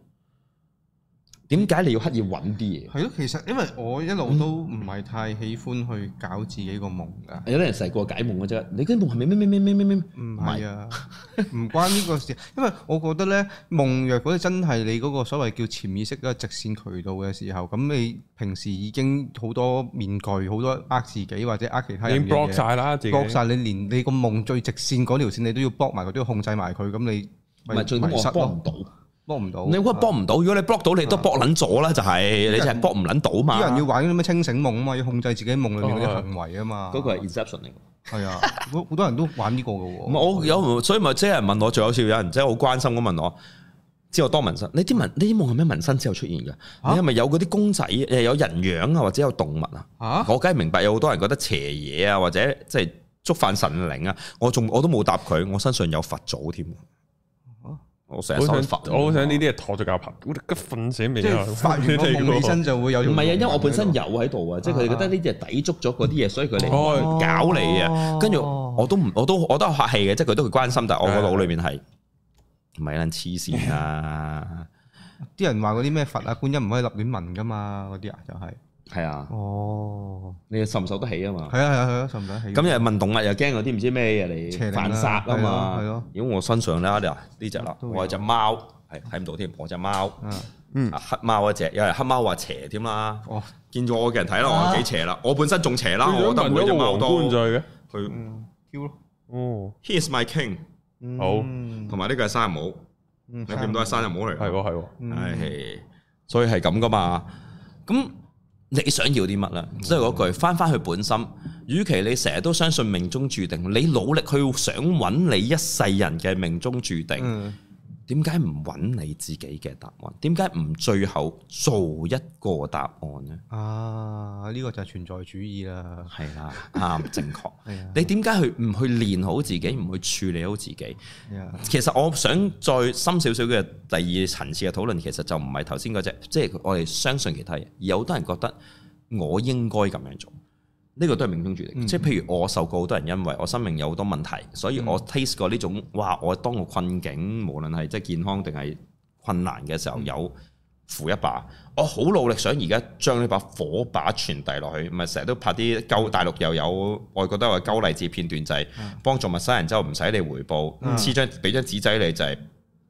點解你要刻意揾啲嘢？係咯，其實因為我一路都唔係太喜歡去搞自己個夢噶。嗯、有啲人細個解夢嘅啫，你啲夢係咪咩咩咩咩咩咩？唔係啊，唔是 [LAUGHS] 關呢個事。因為我覺得咧，夢若果真係你嗰個所謂叫潛意識嘅直線渠道嘅時候，咁你平時已經好多面具、好多呃自己或者呃其他人嘅嘢。block 晒啦，block 晒你，你連你個夢最直線嗰條線，你都要 block 埋佢，都要控制埋佢。咁你咪是最迷多 失我幫唔到。幫唔到，你話幫唔到。如果你 block 到，你都 block 捻咗啦，啊、就係你淨係 block 唔捻到嘛。有人要玩啲咩清醒夢啊嘛，要控制自己夢裏面嗰啲行為啊嘛。嗰個係 exception 嚟，係啊，好多人都玩呢個噶。 [LAUGHS] 我有，所以咪即係人問我，最搞笑有人即係好關心咁問我，之後當紋身，你啲紋，你啲夢係咩紋身之後出現噶？你係咪有嗰啲公仔，誒，有人樣啊，或者有動物啊？啊，我梗係明白，有好多人覺得邪嘢啊，或者即係觸犯神靈啊。我仲我都冇答佢，我身上有佛祖添。我成日想佛，我好想呢啲係托咗教壇，我哋激瞓醒未即係發完我夢起身就會有唔係啊，因為我本身有喺度啊，即係佢哋覺得呢啲係抵觸咗嗰啲嘢，所以佢嚟搞你啊。跟住我都唔，我都我都，我都客氣嘅，即係佢都會關心，但係、哦、我個腦裏面係唔係啦，黐線的啊！啲 [LAUGHS] 人話嗰啲咩佛啊觀音唔可以立亂問噶嘛，嗰啲啊就係、是。係啊，哦，你受唔受得起啊嘛？係啊係啊係啊，受唔得起。咁又問動物又驚嗰啲唔知咩嘢嚟反殺啊嘛？係咯。如果我身上咧，你話呢隻啦，我係隻貓，係睇唔到添，我隻貓，黑貓一隻，又係黑貓話邪添啦。哦，見住我嘅人睇啦，我幾邪啦，我本身仲邪啦，我覺得佢隻貓多。嘅，佢 Q 咯，Here's my king，好，同埋呢個係生日帽，有咁多隻生日帽嚟？係喎係喎，係，所以係咁噶嘛，咁。你想要啲乜啦？即係嗰句翻翻去本心，與其你成日都相信命中注定，你努力去想揾你一世人嘅命中注定。嗯點解唔揾你自己嘅答案？點解唔最後做一個答案呢？啊，呢個就係存在主義啦。係啦的，啱 [LAUGHS] 確，正確。你點解去唔去練好自己？唔去處理好自己？Yeah. 其實我想再深少少嘅第二層次嘅討論，其實就唔係頭先嗰隻，即係我哋相信其他人。有好多人覺得我應該咁樣做。呢個都係命中注定，即係譬如我受過好多人恩惠，我生命有好多問題，所以我 taste 過呢種哇！我當個困境，無論係即係健康定係困難嘅時候，有扶一把，我好努力想而家將呢把火把傳遞落去，唔係成日都拍啲鳩大陸又有外國都有鳩例子片段，就係幫助陌生人之後唔使你回報，撕張俾張紙仔你就係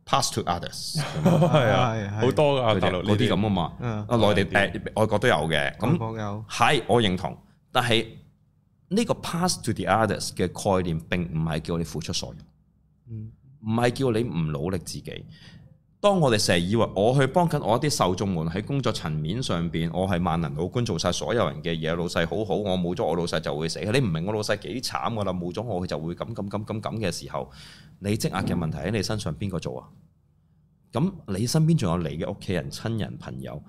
pass to others，係啊，好多噶大陸嗰啲咁啊嘛，啊內地誒外國都有嘅，咁有係我認同。但係呢，這個 pass to the others 嘅概念，並唔係叫你付出所有，唔係、嗯、叫你唔努力自己。當我哋成日以為我去幫緊我一啲受眾們喺工作層面上邊，我係萬能老官，做晒所有人嘅嘢，老細好好，我冇咗我老細就會死。你唔明我老細幾慘噶啦，冇咗我佢就會咁咁咁咁咁嘅時候，你積壓嘅問題喺你身上，邊個做啊？咁你身邊仲有你嘅屋企人、親人、朋友。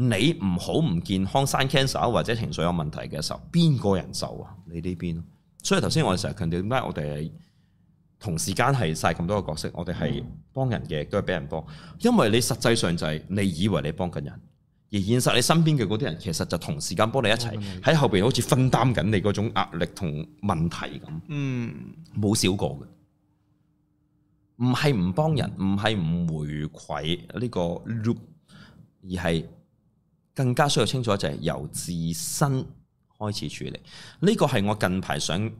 你唔好唔健康生 cancer 或者情緒有問題嘅時候，邊個人受啊？你呢邊、啊？所以頭先我哋成日強調點解我哋同時間係晒咁多個角色，我哋係幫人嘅，嗯、都係俾人幫。因為你實際上就係、是、你以為你幫緊人，而現實你身邊嘅嗰啲人其實就同時間幫你一齊喺、嗯、後邊，好似分擔緊你嗰種壓力同問題咁。嗯，冇少過嘅，唔係唔幫人，唔係唔回饋呢、這個 loop，而係。更加需要清楚就係由自身開始處理，呢個係我近排想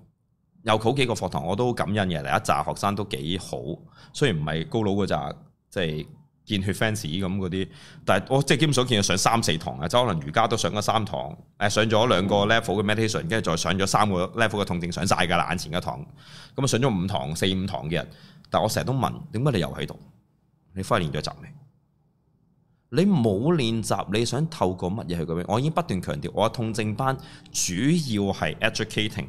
有好幾個課堂，我都感恩嘅。嚟一紮學生都幾好，雖然唔係高佬嗰紮，即係見血 fans 咁嗰啲，但係我即係基本上見佢上三四堂啊，即可能瑜伽都上咗三堂，誒上咗兩個 level 嘅 meditation，跟住再上咗三個 level 嘅痛症，上晒㗎啦，眼前一堂，咁啊上咗五堂，四五堂嘅人，但係我成日都問，點解你又喺度？你返去練咗集未？你冇練習，你想透過乜嘢去改變？我已經不斷強調，我嘅痛症班主要係 educating，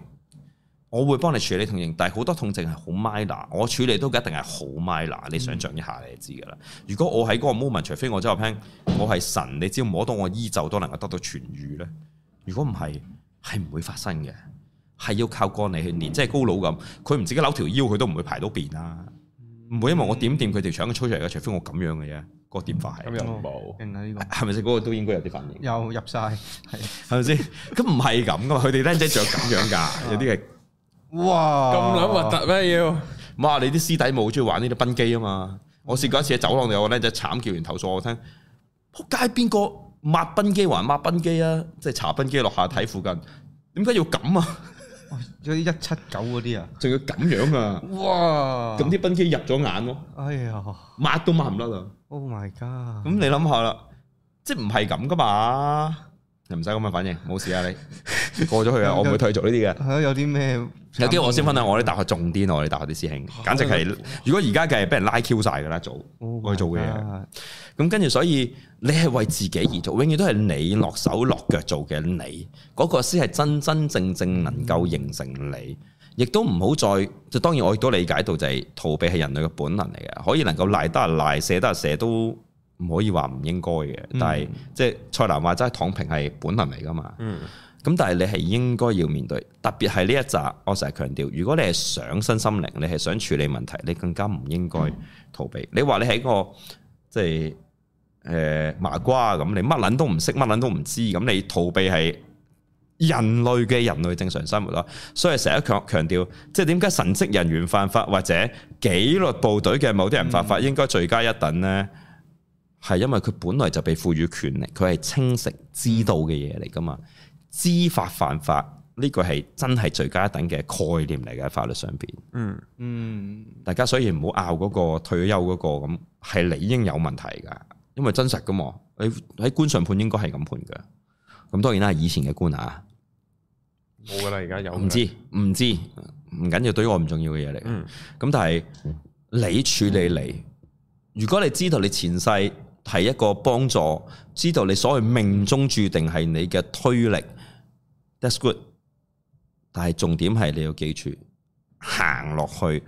我會幫你處理痛症，但係好多痛症係好 minor，我處理都一定係好 minor。你想象一下你就知噶啦。如果我喺嗰個 moment，除非我真係聽，我係神，你只要摸到我衣袖都能夠得到痊癒咧。如果唔係，係唔會發生嘅，係要靠過你去練，即係高佬咁，佢唔自己扭條腰，佢都唔會排到便啦，唔、嗯、會，因為我點掂佢條腸嘅粗嚟嘅，除非我咁樣嘅啫。個電話係咁樣冇，係咪先嗰個都應該有啲反應？又入曬，係係咪先？咁唔係咁噶，佢哋僆仔仲咁樣噶，有啲係 [LAUGHS] 哇咁撚核突咩要？哇！你啲師弟冇中意玩呢啲檳機啊嘛！我試過一次喺走廊度，有個僆仔慘叫完投訴我聽，仆街邊個抹檳機還抹檳機啊！即係查檳機落下體附近，點解要咁啊？嗰啲一七九嗰啲啊，仲要咁樣啊！哇！咁啲賓機入咗眼咯，哎呀，抹都抹唔甩啦！Oh my god！咁你諗下啦，即係唔係咁噶嘛？唔使咁嘅反應，冇事啊！你過咗去啊，我唔會退逐呢啲嘅。係啊，有啲咩？有機會我先分享我啲大學重癲啊！我哋大學啲師兄，簡直係。如果而家繼續俾人拉 Q 晒㗎喇，做我做嘅嘢。咁跟住，所以你係為自己而做，永遠都係你落手落腳做嘅你嗰個先係真真正正能夠形成你。亦都唔好再就當然我亦都理解到就係逃避係人類嘅本能嚟嘅，可以能夠賴得賴，捨得捨都。唔可以話唔應該嘅，但係、嗯、即係蔡瀾話齋躺平係本能嚟噶嘛。咁、嗯、但係你係應該要面對，特別係呢一集，我成日強調，如果你係想身心靈，你係想處理問題，你更加唔應該逃避。嗯、你話你係一個即係誒、呃、麻瓜咁，你乜撚都唔識，乜撚都唔知，咁你逃避係人類嘅人類正常生活啦。所以成日強強調，即係點解神職人員犯法或者紀律部隊嘅某啲人犯法應該罪加一等呢？係因為佢本來就被賦予權力，佢係清晰知道嘅嘢嚟噶嘛？知法犯法呢個係真係最高等嘅概念嚟嘅法律上邊。嗯嗯，大家所以唔好拗嗰個退休嗰個咁，係理應有問題噶，因為真實噶嘛。喺喺官上判應該係咁判噶。咁當然啦，以前嘅官啊，冇噶啦，而家有唔知唔知唔緊要，對於我唔重要嘅嘢嚟。嗯，咁但係你處理你，如果你知道你前世。係一個幫助，知道你所謂命中注定係你嘅推力。That's good，但係重點係你要記住，行落去，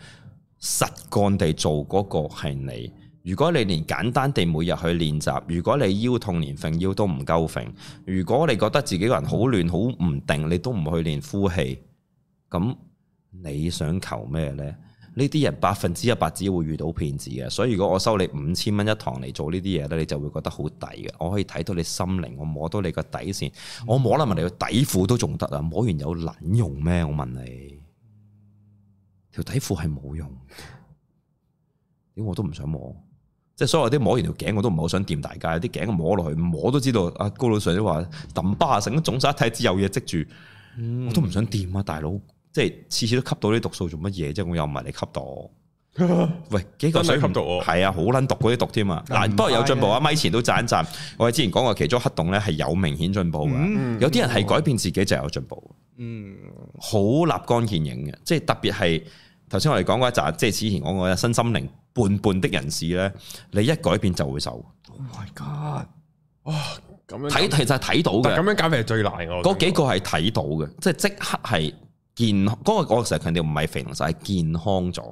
實幹地做嗰個係你。如果你連簡單地每日去練習，如果你腰痛連揈腰都唔夠揈，如果你覺得自己個人好亂好唔定，你都唔去練呼氣，咁你想求咩呢？呢啲人百分之一百只會遇到騙子嘅，所以如果我收你五千蚊一堂嚟做呢啲嘢咧，你就會覺得好抵嘅。我可以睇到你心靈，我摸到你個底線，我摸落嚟，你個底褲都仲得啊！摸完有卵用咩？我問你，條底褲係冇用。咦？我都唔想摸，即係所有啲摸完條頸，我都唔好想掂大家。啲頸摸落去，摸都知道。阿高老師都話，揼巴成，腫曬一睇，只有嘢積住，我都唔想掂啊，大佬。即係次次都吸到啲毒素做乜嘢？即係我又唔係你吸到，喂，幾個水吸到啊？係啊，好卵毒嗰啲毒添啊！嗱，不過有進步啊，咪前都讚一讚。我哋之前講過其中黑洞咧，係有明顯進步噶。有啲人係改變自己就有進步，嗯，好立竿見影嘅。即係特別係頭先我哋講嗰一集，即係之前講過嘅身心靈半半的人士咧，你一改變就會瘦。Oh my god！哇，咁樣睇，其實睇到嘅，咁樣解咪係最難。我嗰幾個係睇到嘅，即係即刻係。健嗰個我成日強調唔係肥，就係健康咗，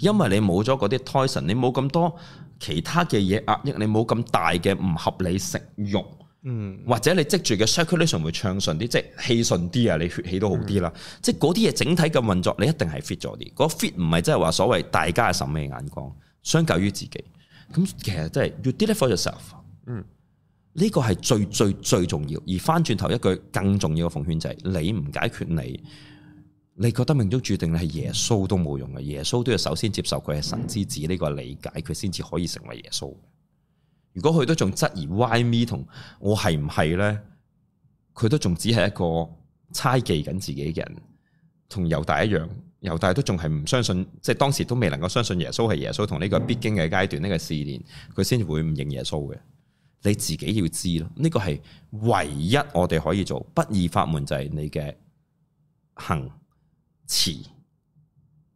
那個。因為你冇咗嗰啲 tension，你冇咁多其他嘅嘢壓抑，你冇咁大嘅唔合理食慾，嗯，或者你積住嘅 circulation 會暢順啲，即係氣順啲啊，你血氣都好啲啦。嗯、即係嗰啲嘢整體嘅運作，你一定係 fit 咗啲。嗰、那個、fit 唔係即係話所謂大家嘅審美眼光，相較於自己咁，其實真係 you did it for yourself。嗯，呢個係最最最重要。而翻轉頭一句更重要嘅奉勸就係你唔解決你。你覺得命中注定係耶穌都冇用嘅，耶穌都要首先接受佢係神之子呢個理解，佢先至可以成為耶穌。如果佢都仲質疑 why me 同我係唔係呢？佢都仲只係一個猜忌緊自己嘅人，同猶大一樣，猶大都仲係唔相信，即係當時都未能夠相信耶穌係耶穌，同呢個必經嘅階段，呢個試煉佢先會唔認耶穌嘅。你自己要知咯，呢個係唯一我哋可以做不二法門，就係你嘅行。遲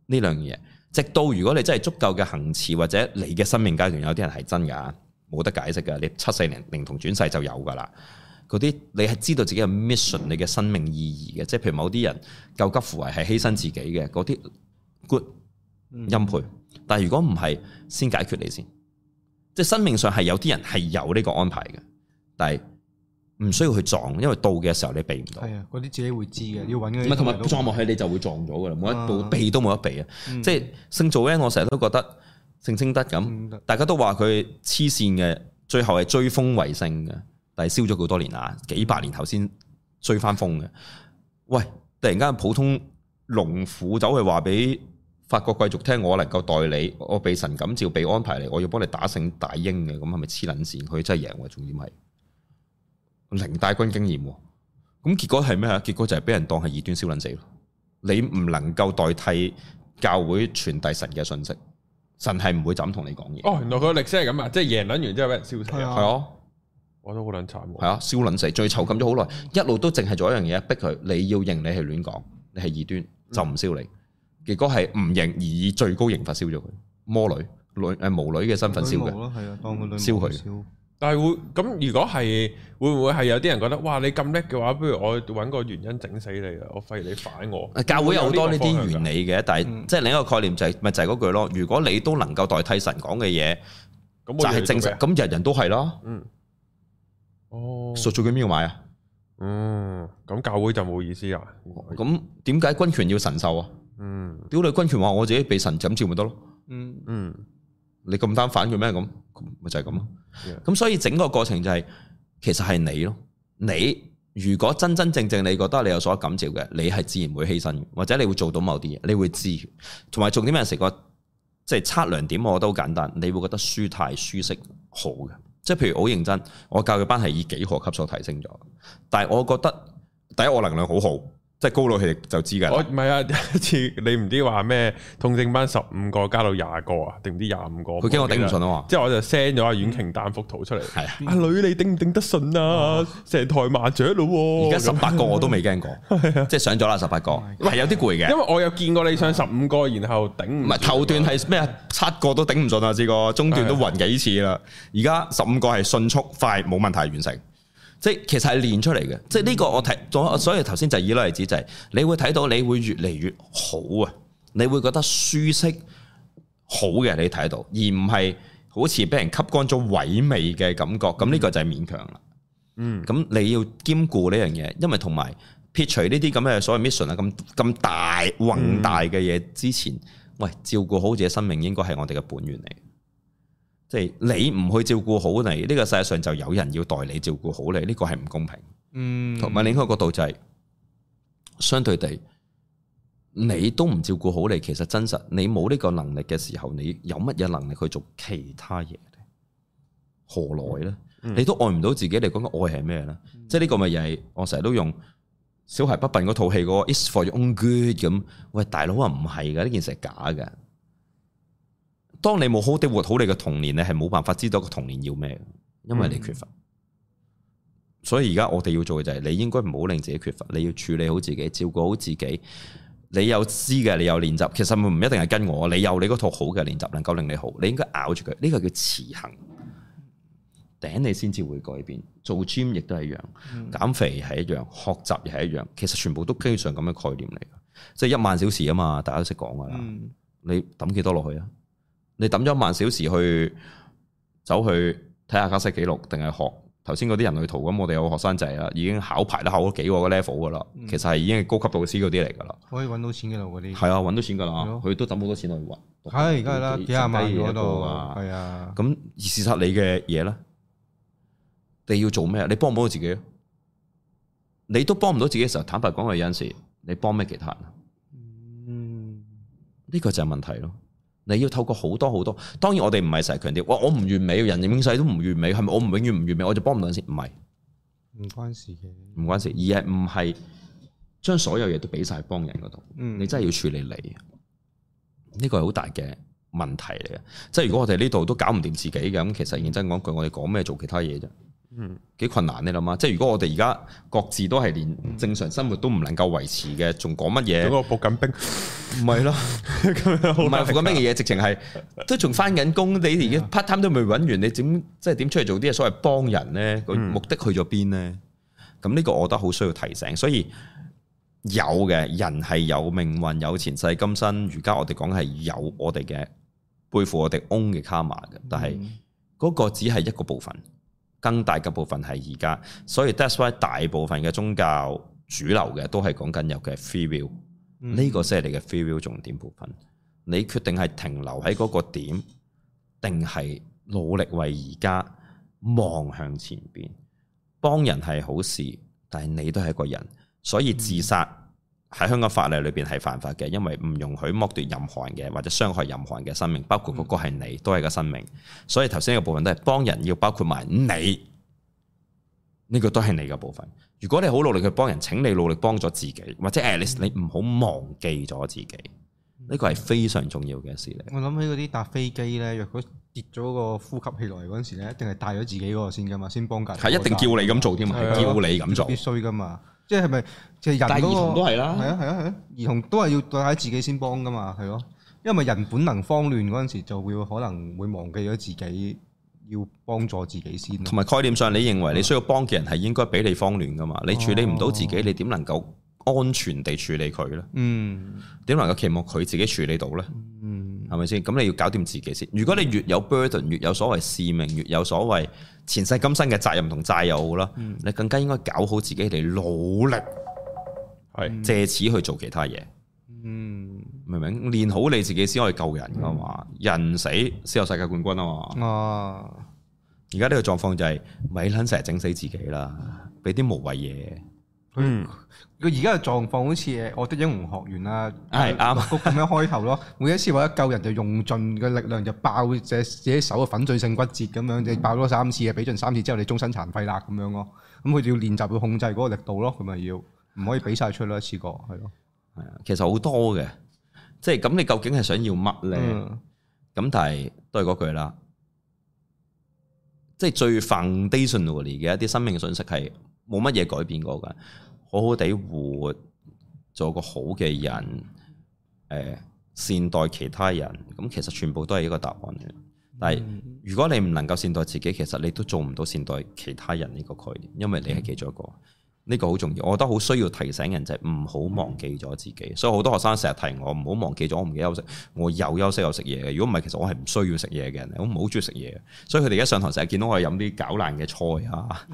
呢兩樣嘢，直到如果你真係足夠嘅行持，或者你嘅生命階段有啲人係真噶，冇得解釋噶，你七世靈靈同轉世就有噶啦。嗰啲你係知道自己嘅 mission，你嘅生命意義嘅，即係譬如某啲人救急扶危係犧牲自己嘅，嗰啲 good 欽佩。但係如果唔係，先解決你先。即係生命上係有啲人係有呢個安排嘅，但係。唔需要去撞，因為到嘅時候你避唔到。係啊，嗰啲自己會知嘅，要揾嗰啲。唔係同埋撞落去，你就會撞咗噶啦，冇一、啊、避，避，避都冇得避啊！即係聖祖咧，我成日都覺得聖貞，貞德咁，嗯、大家都話佢黐線嘅，最後係追封為聖嘅，但係燒咗好多年啦，幾百年頭先追翻封嘅。嗯、喂，突然間普通農夫走去話俾法國貴族聽，我能夠代理，我被神感召，被安排嚟，我要幫你打勝大英嘅，咁係咪黐撚線？佢真係贏喎，重點係。零大軍經驗，咁結果係咩啊？結果就係俾人當係異端燒撚死咯！你唔能夠代替教會傳遞神嘅信息，神係唔會咁同你講嘢。哦，原來佢歷史係咁啊！即係贏撚完之後俾人燒死，係啊，我都好撚慘。係啊，燒撚死，最囚禁咗好耐，一路都淨係做一樣嘢，逼佢你要認你係亂講，你係異端，就唔燒你。結果係唔認而以最高刑罰燒咗佢，魔女女誒巫女嘅身份燒嘅，係啊，當佢女燒佢。但係會咁？如果係會唔會係有啲人覺得哇？你咁叻嘅話，不如我揾個原因整死你啦！我費你反我。誒，教會有好多呢啲原理嘅，但係即係另一個概念就係咪就係嗰句咯？如果你都能夠代替神講嘅嘢，就係正常。咁人人都係咯。嗯。哦。贖罪券邊度買啊？嗯。咁教會就冇意思啊？咁點解軍權要神授啊？嗯。屌你軍權話我自己被神拯救咪得咯？嗯嗯。你咁單反佢咩咁？咪就係咁咯。咁所以整個過程就係、是，其實係你咯。你如果真真正正你覺得你有所感召嘅，你係自然會犧牲嘅，或者你會做到某啲嘢，你會知。同埋重點係成個即係測量點，我都簡單。你會覺得舒泰舒適好嘅，即係譬如好認真。我教育班係以幾何級數提升咗，但係我覺得第一我能量好好。即係高佬佢就知噶，我唔係啊，一次你唔知話咩，痛症班十五個加到廿個啊，定唔知廿五個。佢驚我頂唔順啊嘛。即係我就 send 咗阿婉晴彈幅圖出嚟。係啊，阿、啊、女你頂唔頂得順啊？成、啊、台麻雀咯、啊。而家十八個我都未驚過。啊、即係上咗啦，十八個係有啲攰嘅。因為我有見過你上十五個，然後頂唔。唔係、啊、頭段係咩？七個都頂唔順啊，志哥。中段都暈幾次啦。而家十五個係迅速快冇問題完成。即其實係練出嚟嘅，即係呢個我睇咗，所以頭先就以攞例子就係，你會睇到你會越嚟越好啊，你會覺得舒適好嘅，你睇到，而唔係好似俾人吸乾咗萎靡嘅感覺，咁呢個就係勉強啦。嗯，咁你要兼顧呢樣嘢，因為同埋撇除呢啲咁嘅所謂 mission 啊咁咁大宏大嘅嘢之前，喂，照顧好自己生命應該係我哋嘅本源嚟。即係你唔去照顧好你，呢、這個世界上就有人要代你照顧好你，呢、這個係唔公平。嗯，同埋另一個角度就係、是、相對地，你都唔照顧好你，其實真實你冇呢個能力嘅時候，你有乜嘢能力去做其他嘢咧？嗯、何來咧？你都愛唔到自己，你講嘅愛係咩咧？嗯、即係呢個咪又係我成日都用小孩不笨嗰套戲，嗰個 is for your own good 咁。喂，大佬啊，唔係噶，呢件事係假噶。當你冇好地活好你嘅童年，你係冇辦法知道個童年要咩，因為你缺乏。嗯、所以而家我哋要做嘅就係，你應該唔好令自己缺乏，你要處理好自己，照顧好自己。你有知嘅，你有練習，其實唔一定係跟我。你有你嗰套好嘅練習，能夠令你好。你應該咬住佢，呢、這個叫持恆，頂你先至會改變。做 gym 亦都係一樣，減肥係一樣，學習亦係一樣。其實全部都基本上咁嘅概念嚟，即、就、係、是、一萬小時啊嘛，大家都識講噶啦。嗯、你抌幾多落去啊？你抌咗一萬小時去走去睇下卡西記錄，定係學頭先嗰啲人類圖？咁我哋有學生仔啦，已經考牌都考咗幾個 level 噶啦，其實係已經係高級導師嗰啲嚟噶啦。可以搵到錢嘅咯，嗰啲係啊，搵到錢噶啦，佢都抌好多錢去搵。喺而家啦，幾十萬嗰度啊，係啊、那個。咁而事實你嘅嘢咧，你要做咩啊？你幫唔幫到自己，你都幫唔到自己嘅時候，坦白講係有陣時，你幫咩其他人？嗯，呢、嗯、個就係問題咯。你要透過好多好多，當然我哋唔係成日強調，哇！我唔完美，人哋永世都唔完美，係咪我唔永遠唔完美，我就幫唔到你先？唔係，係，唔關事嘅，唔關事，而係唔係將所有嘢都俾晒幫人嗰度？嗯，你真係要處理你，呢個係好大嘅問題嚟嘅。即係如果我哋呢度都搞唔掂自己嘅，咁其實認真講句，我哋講咩做其他嘢啫。嗯，幾困難你諗下，即係如果我哋而家各自都係連正常生活都唔能夠維持嘅，仲講乜嘢？嗰個博緊兵唔係啦，唔係博緊嘅嘢？直情係都仲翻緊工，你連 part time 都未揾完，你點即係點出去做啲所謂幫人咧？嗯、目的去咗邊咧？咁呢、嗯、個我覺得好需要提醒。所以有嘅人係有命運、有前世、今生，而家我哋講係有我哋嘅背負我哋 own 嘅 karma 嘅，但係嗰個只係一個部分。更大嘅部分係而家，所以 that's why 大部分嘅宗教主流嘅都係講緊有嘅 freewill，呢個先係你嘅 freewill 重點部分。你決定係停留喺嗰個點，定係努力為而家望向前邊？幫人係好事，但係你都係一個人，所以自殺，嗯喺香港法例裏邊係犯法嘅，因為唔容許剝奪任何人嘅或者傷害任何人嘅生命，包括嗰個係你，嗯、都係個生命。所以頭先呢個部分都係幫人，要包括埋你，呢、呢個都係你嘅部分。如果你好努力去幫人，請你努力幫咗自己，或者 at least 你唔好忘記咗自己，呢個係非常重要嘅事嚟。我諗起嗰啲搭飛機咧，若果跌咗個呼吸器落嚟嗰陣時咧，一定係帶咗自己嗰個先噶嘛，先幫緊。係一定叫你咁做添啊，係叫你咁做，必須噶嘛。即係咪，即係人嗰個係啊，係啊，係啊，兒、啊啊、童都係要對下自己先幫噶嘛，係咯、啊。因為人本能慌亂嗰陣時，就會可能會忘記咗自己要幫助自己先。同埋概念上，你認為你需要幫嘅人係應該俾你慌亂噶嘛？你處理唔到自己，哦、你點能夠安全地處理佢咧？嗯，點能夠期望佢自己處理到咧？嗯係咪先？咁你要搞掂自己先。如果你越有 burden，越有所謂使命，越有所謂前世今生嘅責任同債又好啦，嗯、你更加應該搞好自己嚟努力，係、嗯、借此去做其他嘢。嗯，明唔明？練好你自己先可以救人噶嘛。嗯、人死先有世界冠軍啊嘛。哦。而家呢個狀況就係咪撚成日整死自己啦，俾啲無謂嘢。嗯，佢而家嘅狀況好似《我的英雄學院》啊是，阿啱，谷咁樣開頭咯。 [LAUGHS] 每一次為咗救人，就用盡嘅力量就爆，隻隻手嘅粉碎性骨折咁樣，你爆咗三次啊！俾盡三次之後，你終身殘廢啦咁樣，樣咯。咁佢要練習去控制嗰個力度咯，佢咪要唔可以俾曬出咯一次過，係咯。係啊，其實好多嘅，即係咁，你究竟係想要乜咧？咁、嗯、但係都係嗰句啦，即係最 foundational 裏嘅一啲生命訊息係。冇乜嘢改變過㗎，好好地活，做個好嘅人，誒，善待其他人，咁其實全部都係一個答案嘅。但係如果你唔能夠善待自己，其實你都做唔到善待其他人呢個概念，因為你係其中一個。呢個好重要，我覺得好需要提醒人就係唔好忘記咗自己，所以好多學生成日提我唔好忘記咗，我唔記得休息，我有休息有食嘢嘅。如果唔係，其實我係唔需要食嘢嘅人，我唔好中意食嘢，所以佢哋而家上堂成日見到我飲啲攪爛嘅菜啊，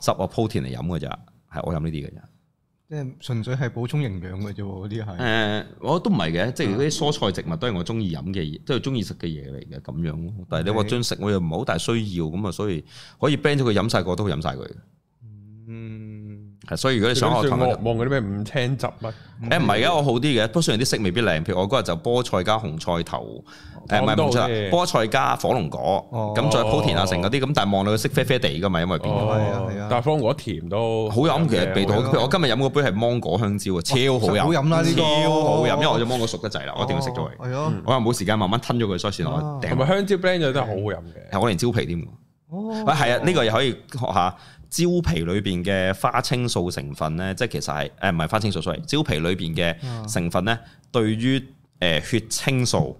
汁啊鋪田嚟飲嘅咋。係我飲呢啲嘅啫，即係、哦呃、純粹係補充營養嘅啫喎，嗰啲係誒，我都唔係嘅，即係嗰啲蔬菜植物都係我中意飲嘅，嘢，都係中意食嘅嘢嚟嘅咁樣。但係你話進食我又唔係好大需要咁啊，所以可以 ban 咗佢飲曬，我都飲晒佢。所以如果你想學，望嗰啲咩五青汁啊？誒唔係嘅，我好啲嘅，都算啲色未必靚。譬如我嗰日就菠菜加紅菜頭，誒唔係紅菜，菠菜加火龍果，咁再鋪甜啊成嗰啲。咁但係望到個色啡啡地噶嘛，因為邊個？係啊係啊，但係芒果甜都好飲其實味道。譬如我今日飲嗰杯係芒果香蕉啊，超好飲，好飲啦呢超好飲，因為我隻芒果熟得滯啦，我一定要食咗佢。我又冇時間慢慢吞咗佢，所以先攞。同香蕉 blend 咗真係好好飲嘅，我連蕉皮添。喂係啊，呢個又可以學下。蕉皮裏邊嘅花青素成分咧，即係其實係誒唔係花青素，所以蕉皮裏邊嘅成分咧，對於誒血清素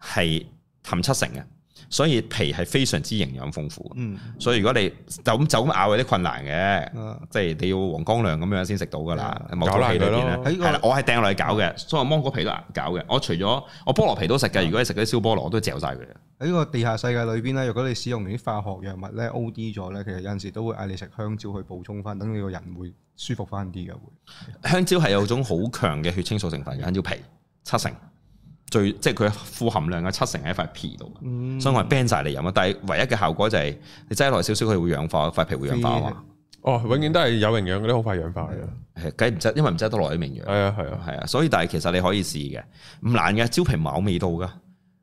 係含七成嘅。所以皮係非常之營養豐富，嗯、所以如果你就咁就咁咬，有啲困難嘅，嗯、即係你要黃光亮咁樣先食到噶啦，芒果皮裏邊咧，我係掟落去搞嘅，這個、所以我芒果皮都難搞嘅。我除咗我菠蘿皮都食嘅，如果你食嗰啲燒菠蘿，都嚼晒佢啊。喺、嗯、個地下世界裏邊咧，如果你使用啲化學藥物咧，O D 咗咧，其實有陣時都會嗌你食香蕉去補充翻，等你個人會舒服翻啲嘅會。 [LAUGHS] 香蕉係有種好強嘅血清素成分嘅，香蕉皮七成。最即係佢富含量嘅七成喺塊皮度，嗯、所以我係 ban 晒嚟飲啊！但係唯一嘅效果就係你擠耐少少，佢會氧化，塊皮會氧化啊嘛！是哦，永遠都係有營養嗰啲好快氧化嘅，係計唔得，因為唔得都耐啲營養。係啊係啊係啊，所以但係其實你可以試嘅，唔難嘅，蕉皮冇味道噶。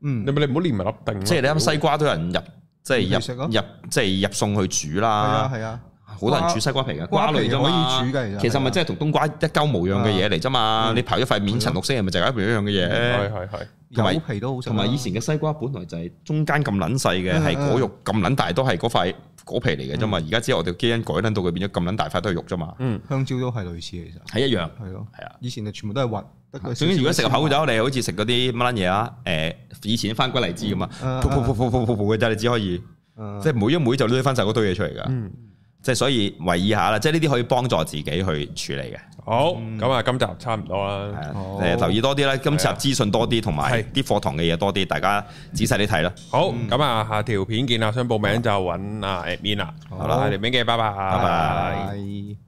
嗯、啊，你咪你唔好連埋粒冰，即係你啱西瓜都有人入，即係、啊、入、啊啊、入即係、就是、入餸去煮啦。好多人煮西瓜皮嘅瓜類就可以煮嘅，其實咪即係同冬瓜一鳩模樣嘅嘢嚟啫嘛？你刨一塊面層綠色，係咪就係一模一樣嘅嘢？係係係。同埋皮都好。同埋以前嘅西瓜本來就係中間咁捻細嘅，係果肉咁捻大都係嗰塊果皮嚟嘅啫嘛。而家只係我哋基因改捻到佢變咗咁捻大塊都係肉啫嘛。香蕉都係類似其實係一樣，係咯，係啊。以前全部都係核。總之，如果食個口走，你好似食嗰啲乜捻嘢啊？誒，以前番鬼荔枝咁啊，噗噗噗噗噗嘅，但係只可以即係每一枚就攞翻晒嗰堆嘢出嚟噶。即係所以為意下啦，即係呢啲可以幫助自己去處理嘅。好，咁、嗯、啊、嗯、今集差唔多啦，留、啊哦、意多啲啦，今集資訊多啲，同埋啲課堂嘅嘢多啲，是大家仔細啲睇啦。嗯、好，咁啊下條片見啦，想報名就揾阿 admin。嗯、好啦，嚟緊嘅，拜拜。拜拜。拜拜。